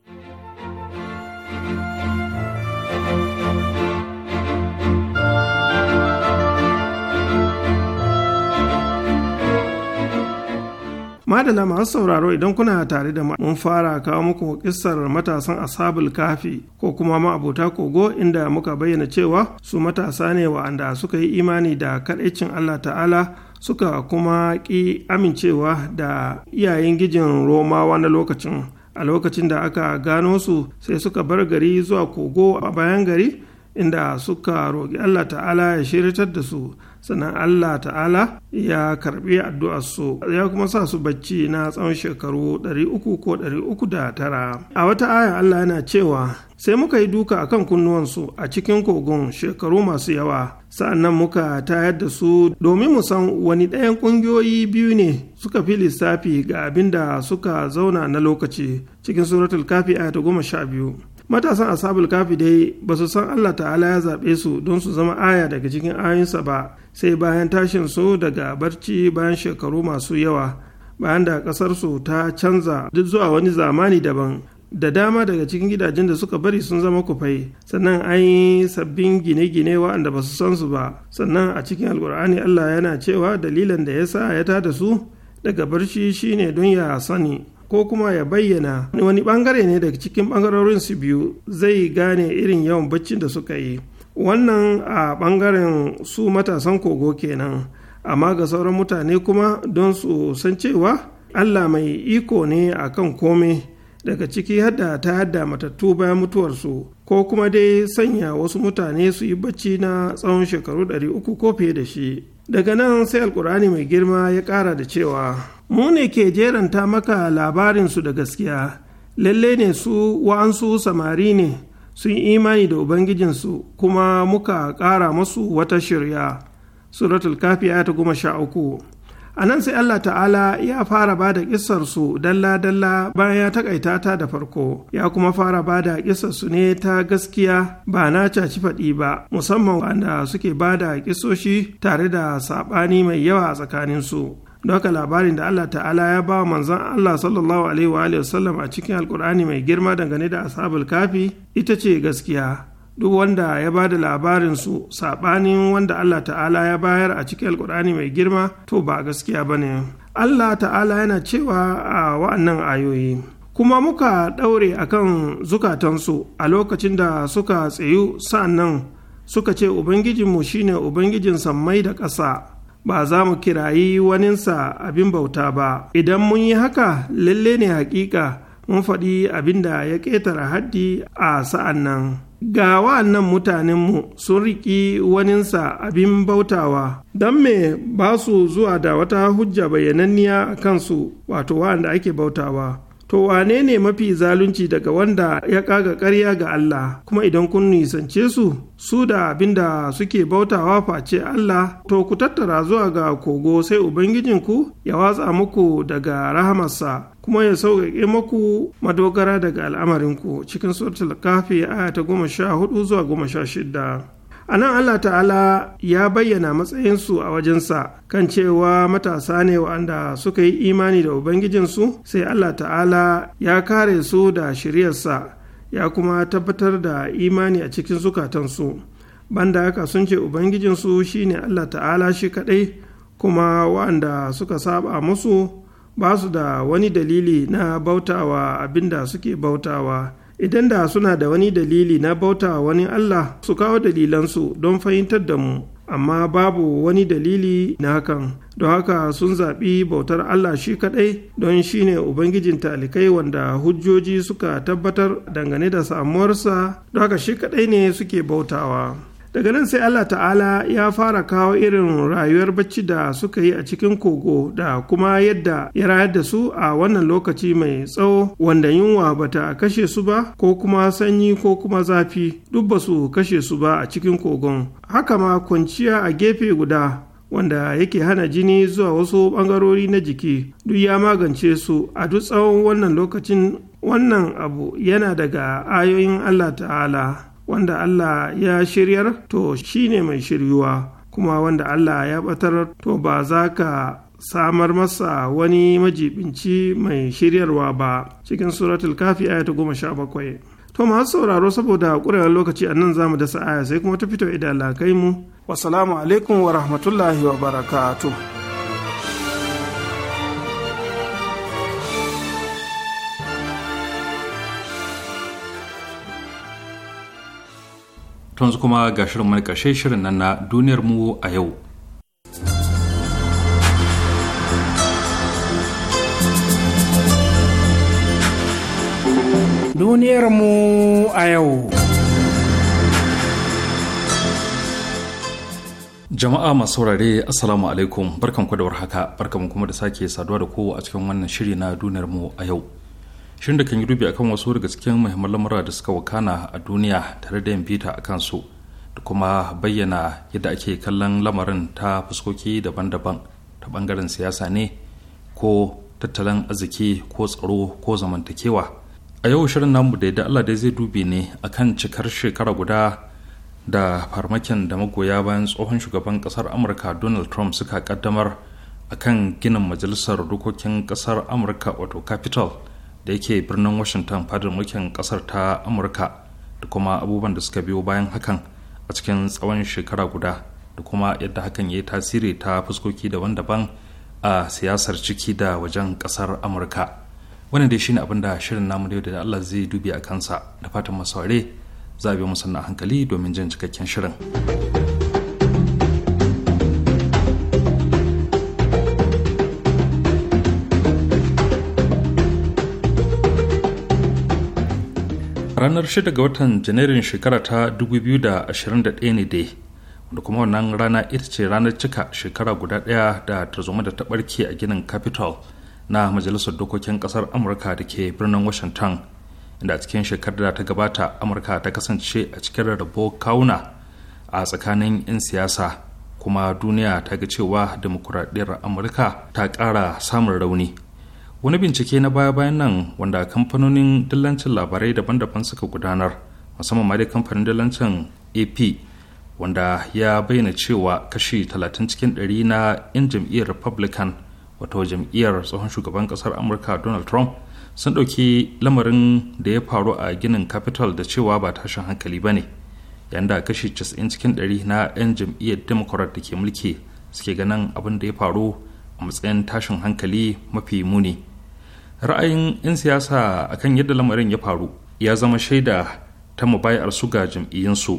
B: madala masu sauraro idan kuna tare da mun fara kawo muku kissar matasan ashabul kafi ko kuma abota kogo inda muka bayyana cewa su matasa ne wa'anda suka yi imani da kadaicin allah ta'ala suka kuma ki amincewa da iyayen gijin romawa na lokacin a lokacin da aka gano su sai suka bar gari zuwa kogo a bayan gari inda suka roƙi allah ta'ala ya shiritar da su sannan Allah ta'ala ya karbi su ya kuma sa su bacci na tsawon shekaru 300 ko 309 a wata aya Allah yana cewa sai muka yi duka akan kunnuwansu a cikin kogon shekaru masu yawa sa'annan muka tayar da su domin mu san wani ɗayan ƙungiyoyi biyu ne suka fi lissafi ga abin da suka zauna na lokaci cikin suratul kafi aya ta goma sha biyu matasan asabul kafi dai ba su san Allah ta'ala ya zaɓe su don su zama aya daga cikin ayinsa ba sai bayan tashin su daga barci bayan shekaru masu yawa bayan da ƙasarsu ta canza duk zuwa wani zamani daban da dama daga cikin gidajen da suka bari sun zama kufai sannan an yi sabbin gine-gine waɗanda ba su san su ba sannan a cikin alkur'ani allah yana cewa dalilan da ya sa ya tada su daga barci shine don ya sani ko kuma ya bayyana wani bangare ne daga cikin bangarorin su biyu zai gane irin yawan baccin da suka yi wannan a ɓangaren su matasan kogo kenan amma ga sauran mutane kuma don su san cewa allah mai iko ne a kan kome daga ciki hadda ta hadda matattu bayan mutuwarsu ko kuma dai sanya wasu mutane su yi bacci na tsawon shekaru 300 ko fiye da shi daga nan sai alkur'ani mai girma ya ƙara da cewa mu ne ke jeranta maka labarinsu da gaskiya lalle ne su wa'ansu samari ne sun imani da ubangijinsu kuma muka ƙara masu wata shirya suratul kafi ta goma sha uku a nan sai allah ta'ala ya fara ba da ƙisarsu dalla-dalla bayan ya taƙaita ta da farko ya kuma fara ba da ƙisarsu ne ta gaskiya ba na caci faɗi ba musamman wanda suke ba da ƙisoshi tare da saɓani mai yawa a tsakaninsu don haka labarin da Allah ta'ala ya ba manzon Allah sallallahu alaihi wa wasallam a cikin alkur'ani mai girma dangane da ashabul kafi ita ce gaskiya duk wanda ya ba da labarin su sabanin wanda Allah ta'ala ya bayar a cikin alkur'ani mai girma to ba gaskiya bane Allah ta'ala yana cewa a wa'annan ayoyi kuma muka daure akan zukatansu a lokacin da suka tsayu sa'annan suka ce ubangijinmu shine ubangijin sammai da ƙasa ba za mu kirayi waninsa abin bauta ba idan mun yi haka lalle ne hakika mun faɗi abin da ya ƙetare haddi a sa'an nan ga wa'annan mutanenmu sun riƙi waninsa abin bautawa don me ba su zuwa da wata hujja bayyananniya a kansu wato wa'anda ake bautawa to wane ne mafi zalunci daga wanda ya kaga ƙarya ga Allah kuma idan kun nisance su su da abin da suke bautawa face Allah to ku tattara zuwa ga kogo sai ubangijinku ya watsa muku daga rahamarsa kuma ya sauƙaƙe muku madogara daga al'amarinku cikin suratul kafi aya ta goma sha hudu zuwa goma sha shida a nan allah ta'ala ya bayyana matsayinsu a wajensa kan cewa matasa ne wa'anda suka yi imani da ubangijinsu sai allah ta'ala ya kare su da shiryarsa ya kuma tabbatar da imani a cikin zukatansu banda haka sun ce ubangijinsu shine allah ta'ala shi kaɗai kuma wa'anda suka saba musu ba su da wani dalili na bautawa abinda suke bautawa idan da suna da wani dalili na bauta wani Allah su kawo dalilansu don fahimtar da mu amma babu wani dalili na hakan don haka sun zaɓi bautar Allah shi kaɗai don shi ne Ubangijin talikai wanda hujjoji suka tabbatar dangane da samuwarsa don haka shi kaɗai ne suke bautawa. daga nan sai allah ta'ala ya fara kawo irin rayuwar bacci da suka yi a cikin kogo da kuma yadda ya rayar da su a wannan lokaci mai tsawo wanda yunwa bata kashe su ba ko kuma sanyi ko kuma zafi duk ba su kashe su ba a cikin kogon haka ma kwanciya a gefe guda wanda yake hana jini zuwa wasu bangarori na jiki duk ya magance su a duk tsawon wannan lokacin wannan abu yana daga ayoyin allah ta'ala wanda Allah ya shiryar to ne mai shiryuwa kuma wanda Allah ya batar to ba za ka samar masa wani majibinci mai shiryarwa ba cikin suratul kafi aya goma sha bakwai to masu sauraro saboda ƙurewar lokaci a nan zamu dasa aya sai kuma ta fito idan lakai mu wasalamu alaikum wa rahmatullahi wa barakatuh
A: yanzu kuma ga shirin mai ƙarshe shirin nan na duniyar mu a yau duniyar mu a yau Jama'a masu saurare Assalamu alaikum barkan da warhaka barkan kuma da sake saduwa da kowa a cikin wannan shiri na duniyar mu a yau. shin da kan yi dubi kan wasu daga cikin muhimman lamura da suka wakana a duniya tare da yin bita a kansu da kuma bayyana yadda ake kallon lamarin ta fuskoki daban-daban ta bangaren siyasa ne ko tattalin arziki ko tsaro ko zamantakewa a yau shirin namu da yadda allah dai zai dubi ne akan cikar shekara guda da farmakin da magoya bayan tsohon shugaban kasar amurka donald trump suka kaddamar akan ginin majalisar dokokin kasar amurka wato capital. da yake birnin washington fadar mulkin kasar ta amurka da kuma abubuwan da suka biyo bayan hakan a cikin tsawon shekara guda da kuma yadda hakan ya yi tasiri ta fuskoki daban-daban a siyasar ciki da wajen kasar amurka wannan dai shine abin da shirin namu da da allah zai dubi a kansa da fatan masaure za a biyo musamman hankali domin jin cikakken shirin. ranar 6 ga watan janairun shekara ta 2021 ne dai wanda kuma wannan rana ita ce ranar cika shekara guda ɗaya da tarzoma da ta ɓarke a ginin capitol na majalisar dokokin ƙasar amurka da ke birnin washington inda a cikin shekarar da ta gabata amurka ta kasance a cikin rabo kawuna a tsakanin 'yan siyasa kuma duniya ta ga cewa demokuraɗiyar amurka ta ƙara samun rauni wani bincike na baya-bayan nan wanda kamfanonin dillancin labarai daban-daban suka gudanar musamman ma dai kamfanin dillancin ap wanda ya bayyana cewa kashi 30 cikin 100 na 'yan jam'iyyar republican wato jam'iyyar tsohon shugaban kasar amurka donald trump sun ɗauki lamarin da ya faru a ginin capital da cewa ba tashin hankali ba ne yanda kashi 90 cikin 100 na 'yan jam'iyyar democrat da ke mulki suke ganin abin da ya faru a matsayin tashin hankali mafi muni ra'ayin 'yan siyasa akan yadda lamarin ya faru ya zama shaida ta mubayar su ga jam'iyyansu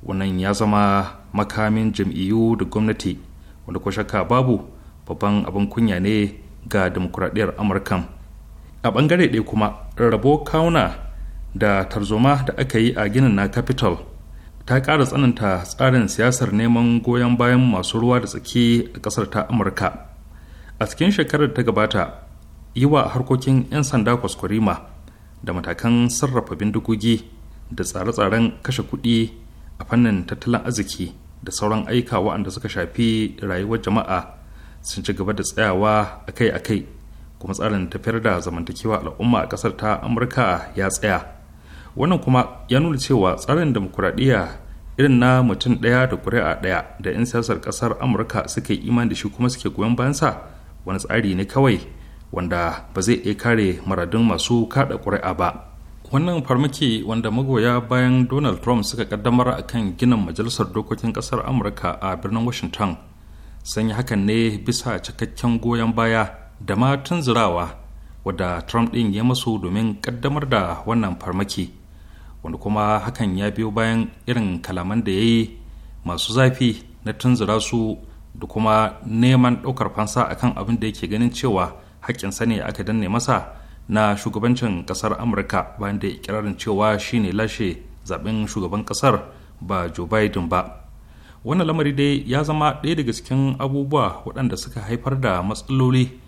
A: wannan ya zama makamin jam'iyyu da gwamnati wanda ko shakka babu babban abin kunya ne ga demokuraɗiyar amurkan a bangare ɗaya kuma rabo kauna da tarzoma da aka yi a ginin na capital ta ƙara tsananta tsarin siyasar neman goyon bayan masu ruwa da tsaki a ƙasar ta amurka a cikin shekarar ta gabata yi wa harkokin 'yan sanda kwaskwarima da matakan sarrafa bindigogi da tsare-tsaren kashe kuɗi a fannin tattalin arziki da sauran aika waɗanda suka shafi rayuwar jama'a sun ci gaba da tsayawa akai-akai kuma tsarin tafiyar da zamantakewa al'umma a ƙasar ta amurka ya tsaya wannan kuma ya nuna cewa tsarin demokuraɗiyya irin na mutum ɗaya da ƙuri'a ɗaya da 'yan siyasar ƙasar amurka suka yi imani da shi kuma suke goyon bayansa wani tsari ne kawai wanda ba zai iya kare maradin masu kada ƙuri'a ba wannan farmaki wanda magoya bayan donald trump suka kaddamar a kan ginin majalisar dokokin ƙasar amurka a birnin washington sun yi hakan ne bisa cikakken goyon baya da ma tunzurawa wadda trump ɗin ya masu domin kaddamar da wannan farmaki wanda kuma hakan ya biyo bayan irin kalaman da ya yi masu zafi na tunzura su da kuma neman ɗaukar fansa akan abin da yake ganin cewa hakkin sani aka danne masa na shugabancin kasar amurka bayan da ikirarin cewa shine lashe zaɓen shugaban ƙasar ba joe biden ba wannan lamari dai ya zama ɗaya daga cikin abubuwa waɗanda suka haifar da matsaloli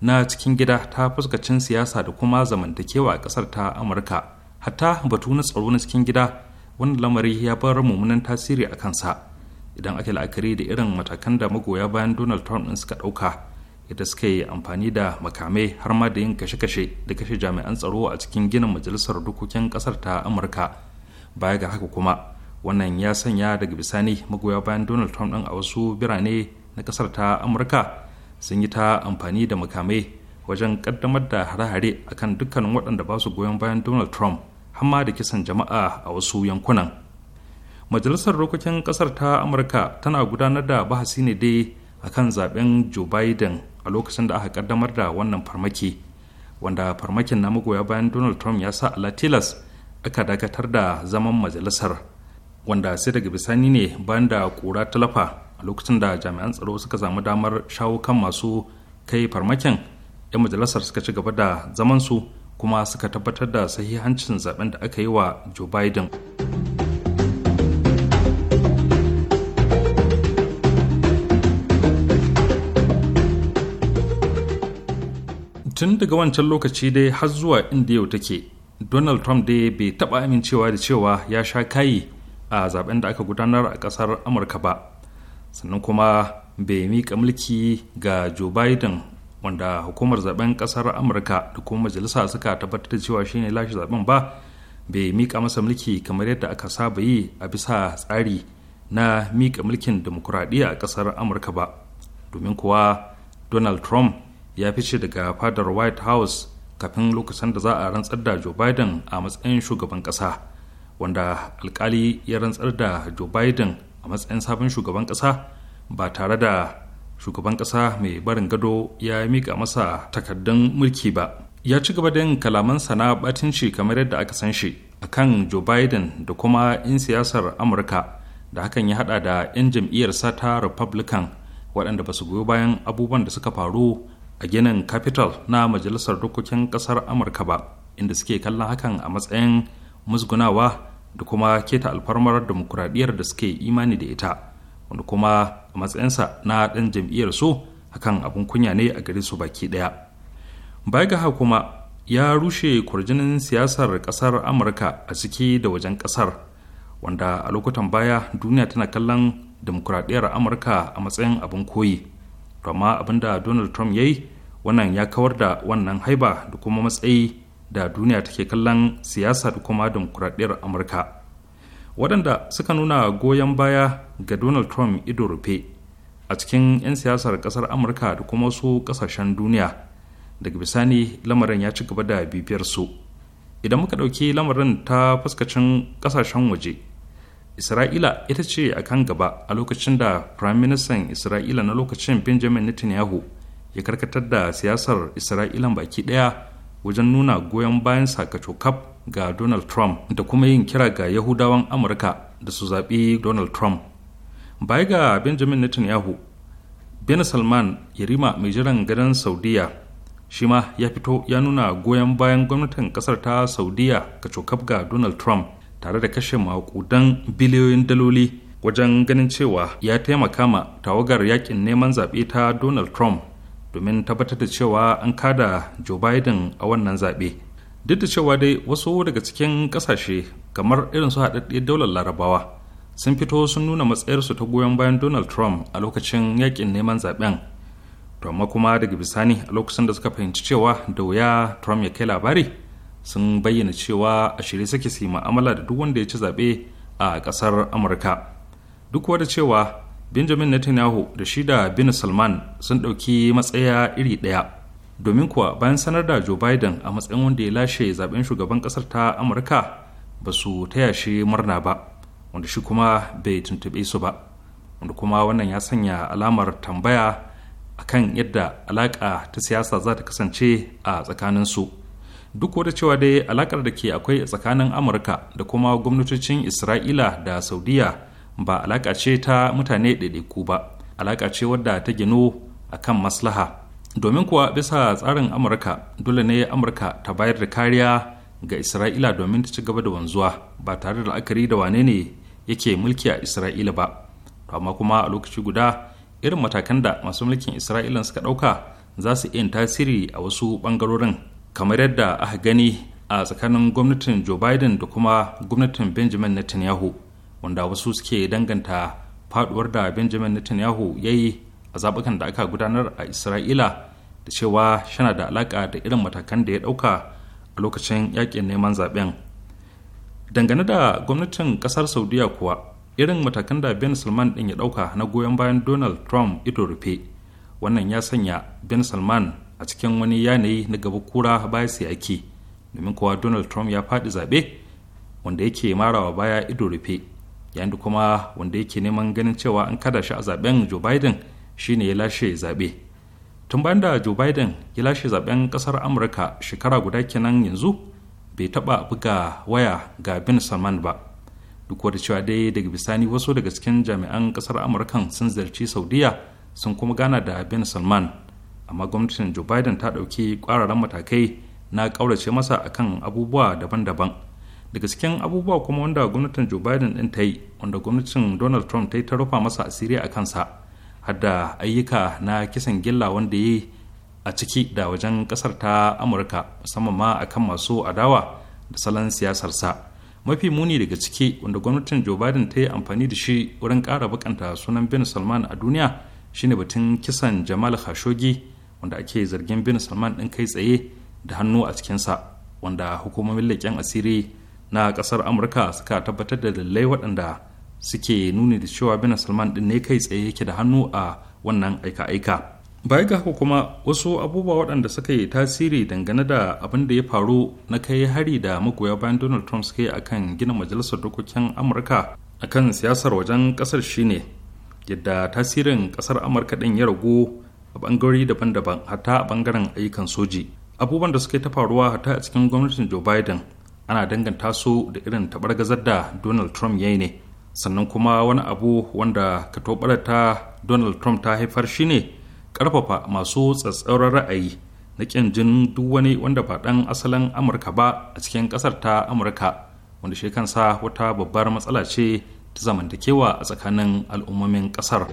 A: na cikin gida ta fuskacin siyasa da kuma zamantakewa a ƙasar ta amurka hatta batu na tsaro na cikin gida wannan lamari ya bar mummunan tasiri a kansa idan ake la'akari da irin matakan da magoya bayan donald trump suka ɗauka ita suka yi amfani da makamai har ma da yin kashe-kashe da kashe jami'an tsaro a cikin ginin majalisar dokokin kasar ta amurka baya ga haka kuma wannan ya sanya daga bisani magoya bayan donald trump ɗin a wasu birane na kasar ta amurka sun yi ta amfani da makamai wajen kaddamar da hare-hare akan dukkanin waɗanda ba su goyon bayan donald trump ma da kisan jama'a a wasu yankunan majalisar dokokin kasar ta amurka tana gudanar da bahasi ne dai akan zaben joe biden a lokacin da aka kaddamar da wannan farmaki wanda farmakin na magoya bayan donald trump ya sa ala tilas aka dakatar da zaman majalisar wanda sai daga bisani ne bayan da kura talafa a lokacin da jami'an tsaro suka samu damar shawo kan masu kai farmakin 'yan majalisar suka ci gaba da zamansu kuma suka tabbatar da sahihancin zaben da aka yi wa joe biden tun daga wancan lokaci dai har zuwa inda yau take donald trump dai bai taba amincewa da cewa ya sha kayi a zaben da aka gudanar a kasar amurka ba sannan kuma bai mika mulki ga joe biden wanda hukumar zaben kasar amurka da kuma majalisa suka tabbatar da cewa shine lashe zaben ba bai miƙa masa mulki kamar yadda aka saba yi a bisa tsari na mika mulkin demokuraɗiyya a kasar amurka ba domin kuwa donald trump ya fice daga fadar white house kafin lokacin da za a rantsar da joe biden a matsayin shugaban kasa wanda alkali ya rantsar da joe biden a matsayin sabon shugaban kasa ba tare da shugaban kasa mai barin gado ya mika masa takardun mulki ba ya ci gaba da yin kalaman na batinci kamar yadda aka san shi akan joe biden da kuma 'yan siyasar amurka da hakan ya hada da 'yan jam'iyyar sata republican waɗanda ba su goyo bayan abubuwan da suka faru a ginin capital na majalisar dokokin kasar amurka ba inda suke kallon hakan a matsayin musgunawa da kuma keta alfarmar demokuraɗiyar da suke imani da ita wanda kuma a matsayinsa na ɗan jam'iyyar su hakan abin kunya ne a gare su baki ɗaya baya ga kuma ya rushe kwarjinin siyasar ƙasar amurka a ciki da wajen ƙasar wanda a lokutan baya duniya tana kallon demokuraɗiyar amurka a matsayin abin koyi to amma abin da donald trump ya yi wannan ya kawar da wannan haiba da kuma matsayi da duniya take kallon siyasa da kuma demokuraɗiyar amurka waɗanda suka nuna goyon baya ga donald trump ido rufe a cikin 'yan siyasar ƙasar amurka da kuma wasu ƙasashen duniya daga bisani lamarin ya ci gaba da bibiyar su idan muka ɗauki lamarin ta fuskacin ƙasashen waje isra'ila ita ce a kan gaba a lokacin da prime minister isra'ila na lokacin benjamin netanyahu ya karkatar da siyasar isra'ilan baki daya wajen nuna goyon bayan kaf ga donald trump da kuma yin kira ga yahudawan amurka da su zaɓi donald trump baya ga benjamin netanyahu bin salman yarima mai jiran gadon saudiya shi ma ya fito ya nuna goyon bayan gwamnatin kasar ta saudiya ga cokaf ga donald trump tare da kashe maƙudan biliyoyin daloli wajen ganin cewa ya taimaka ma tawagar yakin neman zaɓe ta donald trump domin tabbatar da cewa an kada joe biden a wannan zaɓe duk da cewa dai wasu daga cikin ƙasashe kamar irin su haɗaɗɗiyar daular larabawa sun fito sun nuna matsayarsu ta goyon bayan donald trump a lokacin yakin neman zaɓen to amma kuma daga bisani a lokacin da suka fahimci cewa da wuya trump ya kai labari sun bayyana cewa a shirye suke su yi ma'amala da duk wanda ya ci zaɓe a ƙasar amurka duk wada cewa benjamin netanyahu da shi da bin salman sun ɗauki matsaya iri ɗaya domin kuwa bayan sanar da joe biden a matsayin wanda ya lashe zaɓen shugaban ƙasar ta amurka ba su taya shi murna ba wanda shi kuma bai tuntuɓe su ba wanda kuma wannan ya sanya alamar tambaya akan yadda alaƙa ta siyasa za ta kasance a tsakaninsu. su duk da cewa dai alakar da ke akwai tsakanin amurka da kuma gwamnatocin isra'ila da saudiya ba alaka ce ta mutane ɗaiɗaiku ba alaka ce wadda ta ginu a kan maslaha domin kuwa bisa tsarin amurka dole ne amurka ta bayar da kariya ga isra'ila domin ta ci gaba da wanzuwa ba tare da la'akari da wane ne yake mulki a isra'ila ba amma kuma a lokaci guda irin matakan da masu mulkin isra'ila suka ɗauka za su iya tasiri a wasu ɓangarorin kamar yadda aka gani a tsakanin gwamnatin joe biden da kuma gwamnatin benjamin netanyahu wanda wasu suke danganta faduwar da benjamin netanyahu ya yi a zaɓukan da aka gudanar a isra'ila da cewa shana da alaƙa da irin matakan da ya ɗauka a lokacin yakin neman zaɓen dangane da gwamnatin ƙasar saudiya kuwa irin matakan da ben salman ɗin ya ɗauka na goyon bayan donald trump ido rufe wannan ya sanya ben salman a cikin wani yanayi na gaba kura baya sai ake domin kowa donald trump ya faɗi zaɓe wanda yake marawa baya ido rufe yayin da kuma wanda yake neman ganin cewa an kada shi a zaben joe biden shine ya lashe zaɓe tun bayan da joe biden ya lashe zaben ƙasar amurka shekara guda kenan yanzu bai taɓa buga waya ga bin salman ba duk da cewa dai daga bisani wasu daga cikin jami'an ƙasar amurkan sun ziyarci saudiya sun kuma gana da bin salman amma gwamnatin joe biden ta ɗauki ƙwararren matakai na ƙaurace masa akan abubuwa daban-daban daga cikin abubuwa kuma wanda gwamnatin joe biden ɗin ta yi wanda gwamnatin donald trump ta yi ta rufa masa asiri a kansa har da ayyuka na kisan gilla wanda ya yi a ciki da wajen ƙasar ta amurka musamman ma akan masu adawa da salon siyasarsa mafi muni daga ciki wanda gwamnatin joe biden ta yi amfani da shi wurin ƙara bakanta sunan bin salman a duniya shine batun kisan jamal khashoggi wanda ake zargin bin salman ɗin kai tsaye da hannu a cikinsa wanda hukumomin leƙen asiri na ƙasar amurka suka tabbatar da lallai waɗanda suke nuni da cewa bin salman ɗin ne kai tsaye yake da hannu a wannan aika-aika baya ga haka kuma wasu abubuwa waɗanda suka yi tasiri dangane da abin da ya faru na kai hari da magoya bayan donald trump suka yi akan gina majalisar dokokin amurka akan siyasar wajen ƙasar shine yadda tasirin ƙasar amurka ɗin ya ragu a bangarori daban-daban hatta a bangaren ayyukan soji abubuwan da suka ta faruwa hatta a cikin gwamnatin joe biden ana danganta su da irin gazar da donald trump ya yi ne sannan kuma wani abu wanda katobar ta donald trump ta haifar shine karfafa masu tsatsauran ra'ayi na ƙin jin duk wani wanda ba ɗan asalin amurka ba a cikin ƙasar ta amurka wanda shi kansa wata babbar matsala ce ta zamantakewa a tsakanin al'ummomin ƙasar.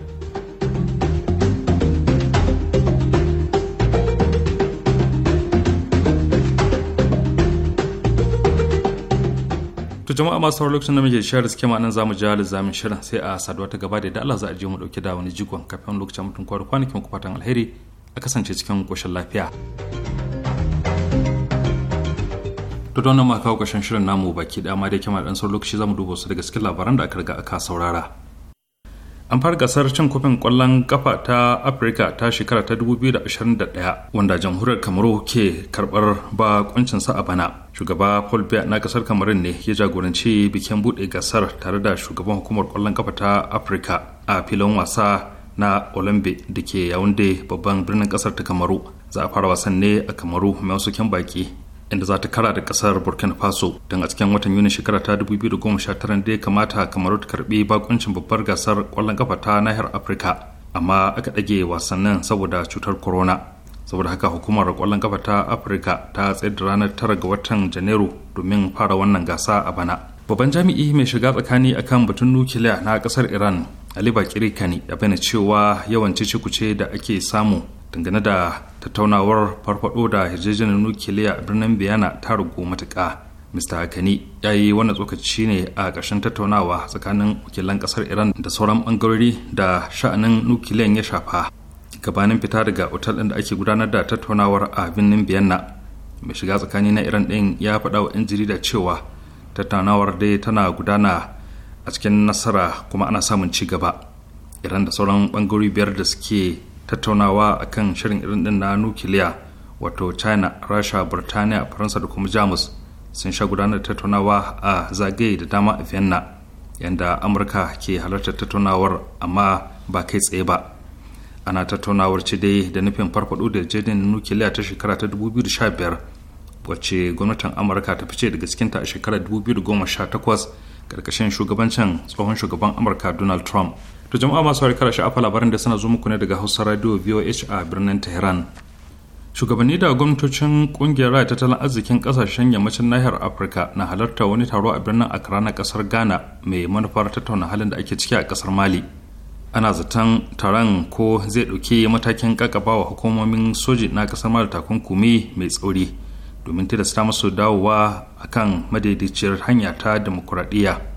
A: to jama'a masu sauraron lokacin da muke share suke ma nan za mu ja mu shirin sai a saduwa ta gaba da yadda Allah za a je mu dauki da wani jigon kafin lokacin mutum kwaru kwanakin ku fatan alheri a kasance cikin koshin lafiya. to don nan ma kawo shirin namu baki ma da kyamar dan sauran lokaci za mu duba su daga cikin labaran da aka riga aka saurara. an fara gasar cin kofin kwallon kafa ta afirka ta shekara ta 2021 wanda jamhuriyar kamaru ke karbar sa a bana shugaba paul biya na kasar kamarin ne ya jagoranci bikin bude gasar tare da shugaban hukumar kwallon kafa ta afirka a filin wasa na olambe da ke da babban birnin kasar ta kamaru za a fara wasan ne a kamaru mai wasu kyan baki inda za ta kara da kasar burkina faso don a cikin watan yuni shekara ta 2019 da ya kamata kamaru ta karbi bakuncin babbar gasar kwallon kafa ta nahiyar afirka amma aka ɗage wasannin saboda cutar corona saboda haka hukumar kwallon kafa ta afirka ta tsayar da ranar tara ga watan janairu domin fara wannan gasa a bana babban jami'i mai shiga tsakani akan batun nukiliya na kasar iran ali bakiri kani ya bayyana cewa yawan cece kuce da ake samu dangane da tattaunawar farfado da yarjejeniyar nukiliya a birnin biyana ta rugu matuka mr kani ya yi wannan tsokaci ne a ƙarshen tattaunawa tsakanin wakilan ƙasar iran da sauran ɓangarori da sha'anin nukiliyan ya shafa gabanin fita daga otal ɗin da ake gudanar da tattaunawar a birnin biyana mai shiga tsakani na iran ɗin ya faɗa wa 'yan jarida cewa tattaunawar dai tana gudana a cikin nasara kuma ana samun ci gaba iran da sauran ɓangarori biyar da suke tattaunawa a kan shirin irin din na nukiliya wato china rasha burtaniya faransa da kuma jamus sun sha gudanar tattaunawa a zagaye da dama a vienna yadda amurka ke halartar tattaunawar amma ba kai tsaye ba ana tattaunawar ce dai da nufin farfado da jirgin nukiliya ta shekara ta 2015 wacce gwamnatin amurka ta fice daga cikinta a shekarar 2018 karkashin shugabancin tsohon shugaban amurka donald trump to jama'a masu harkar sha'afa labaran da suna zo muku ne daga hausa radio voh a birnin tehran shugabanni da gwamnatocin kungiyar raya tattalin arzikin kasashen yammacin nahiyar afirka na halarta wani taro a birnin accra na kasar ghana mai manufar tattauna halin da ake ciki a kasar mali ana zaton taron ko zai ɗauki matakin kakabawa hukumomin soji na kasar mali takunkumi mai tsauri domin tilasta masu dawowa akan madaidaiciyar hanya ta demokuraɗiyya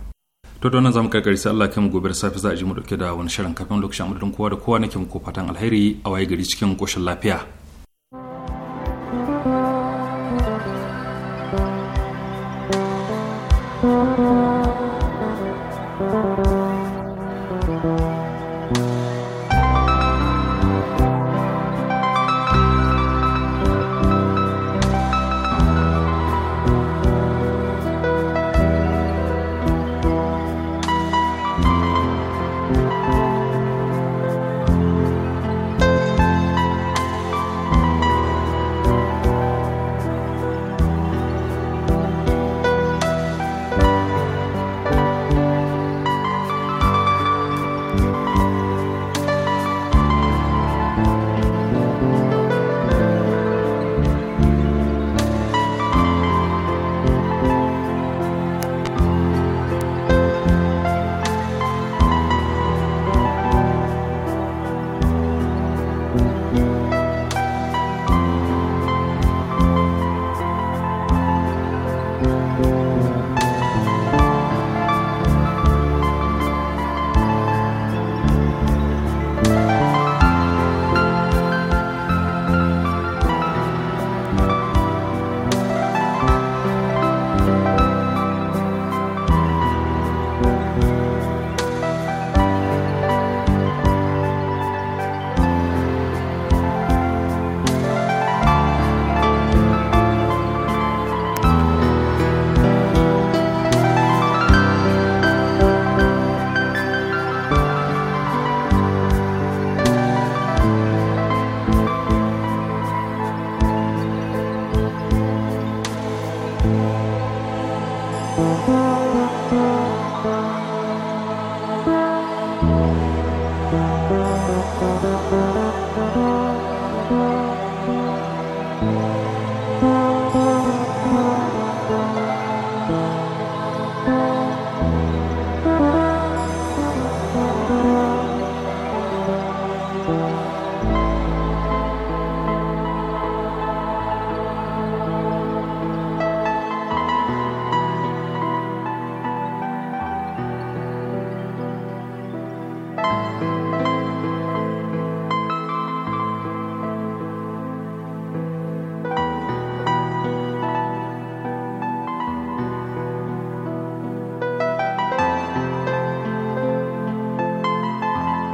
A: to don za zamu karkari sai Allah kan gobe safi za a ji mu dauke da wani shirin kafin lokacin amudin kowa da kowa nake muku fatan alheri a waye gari cikin koshin lafiya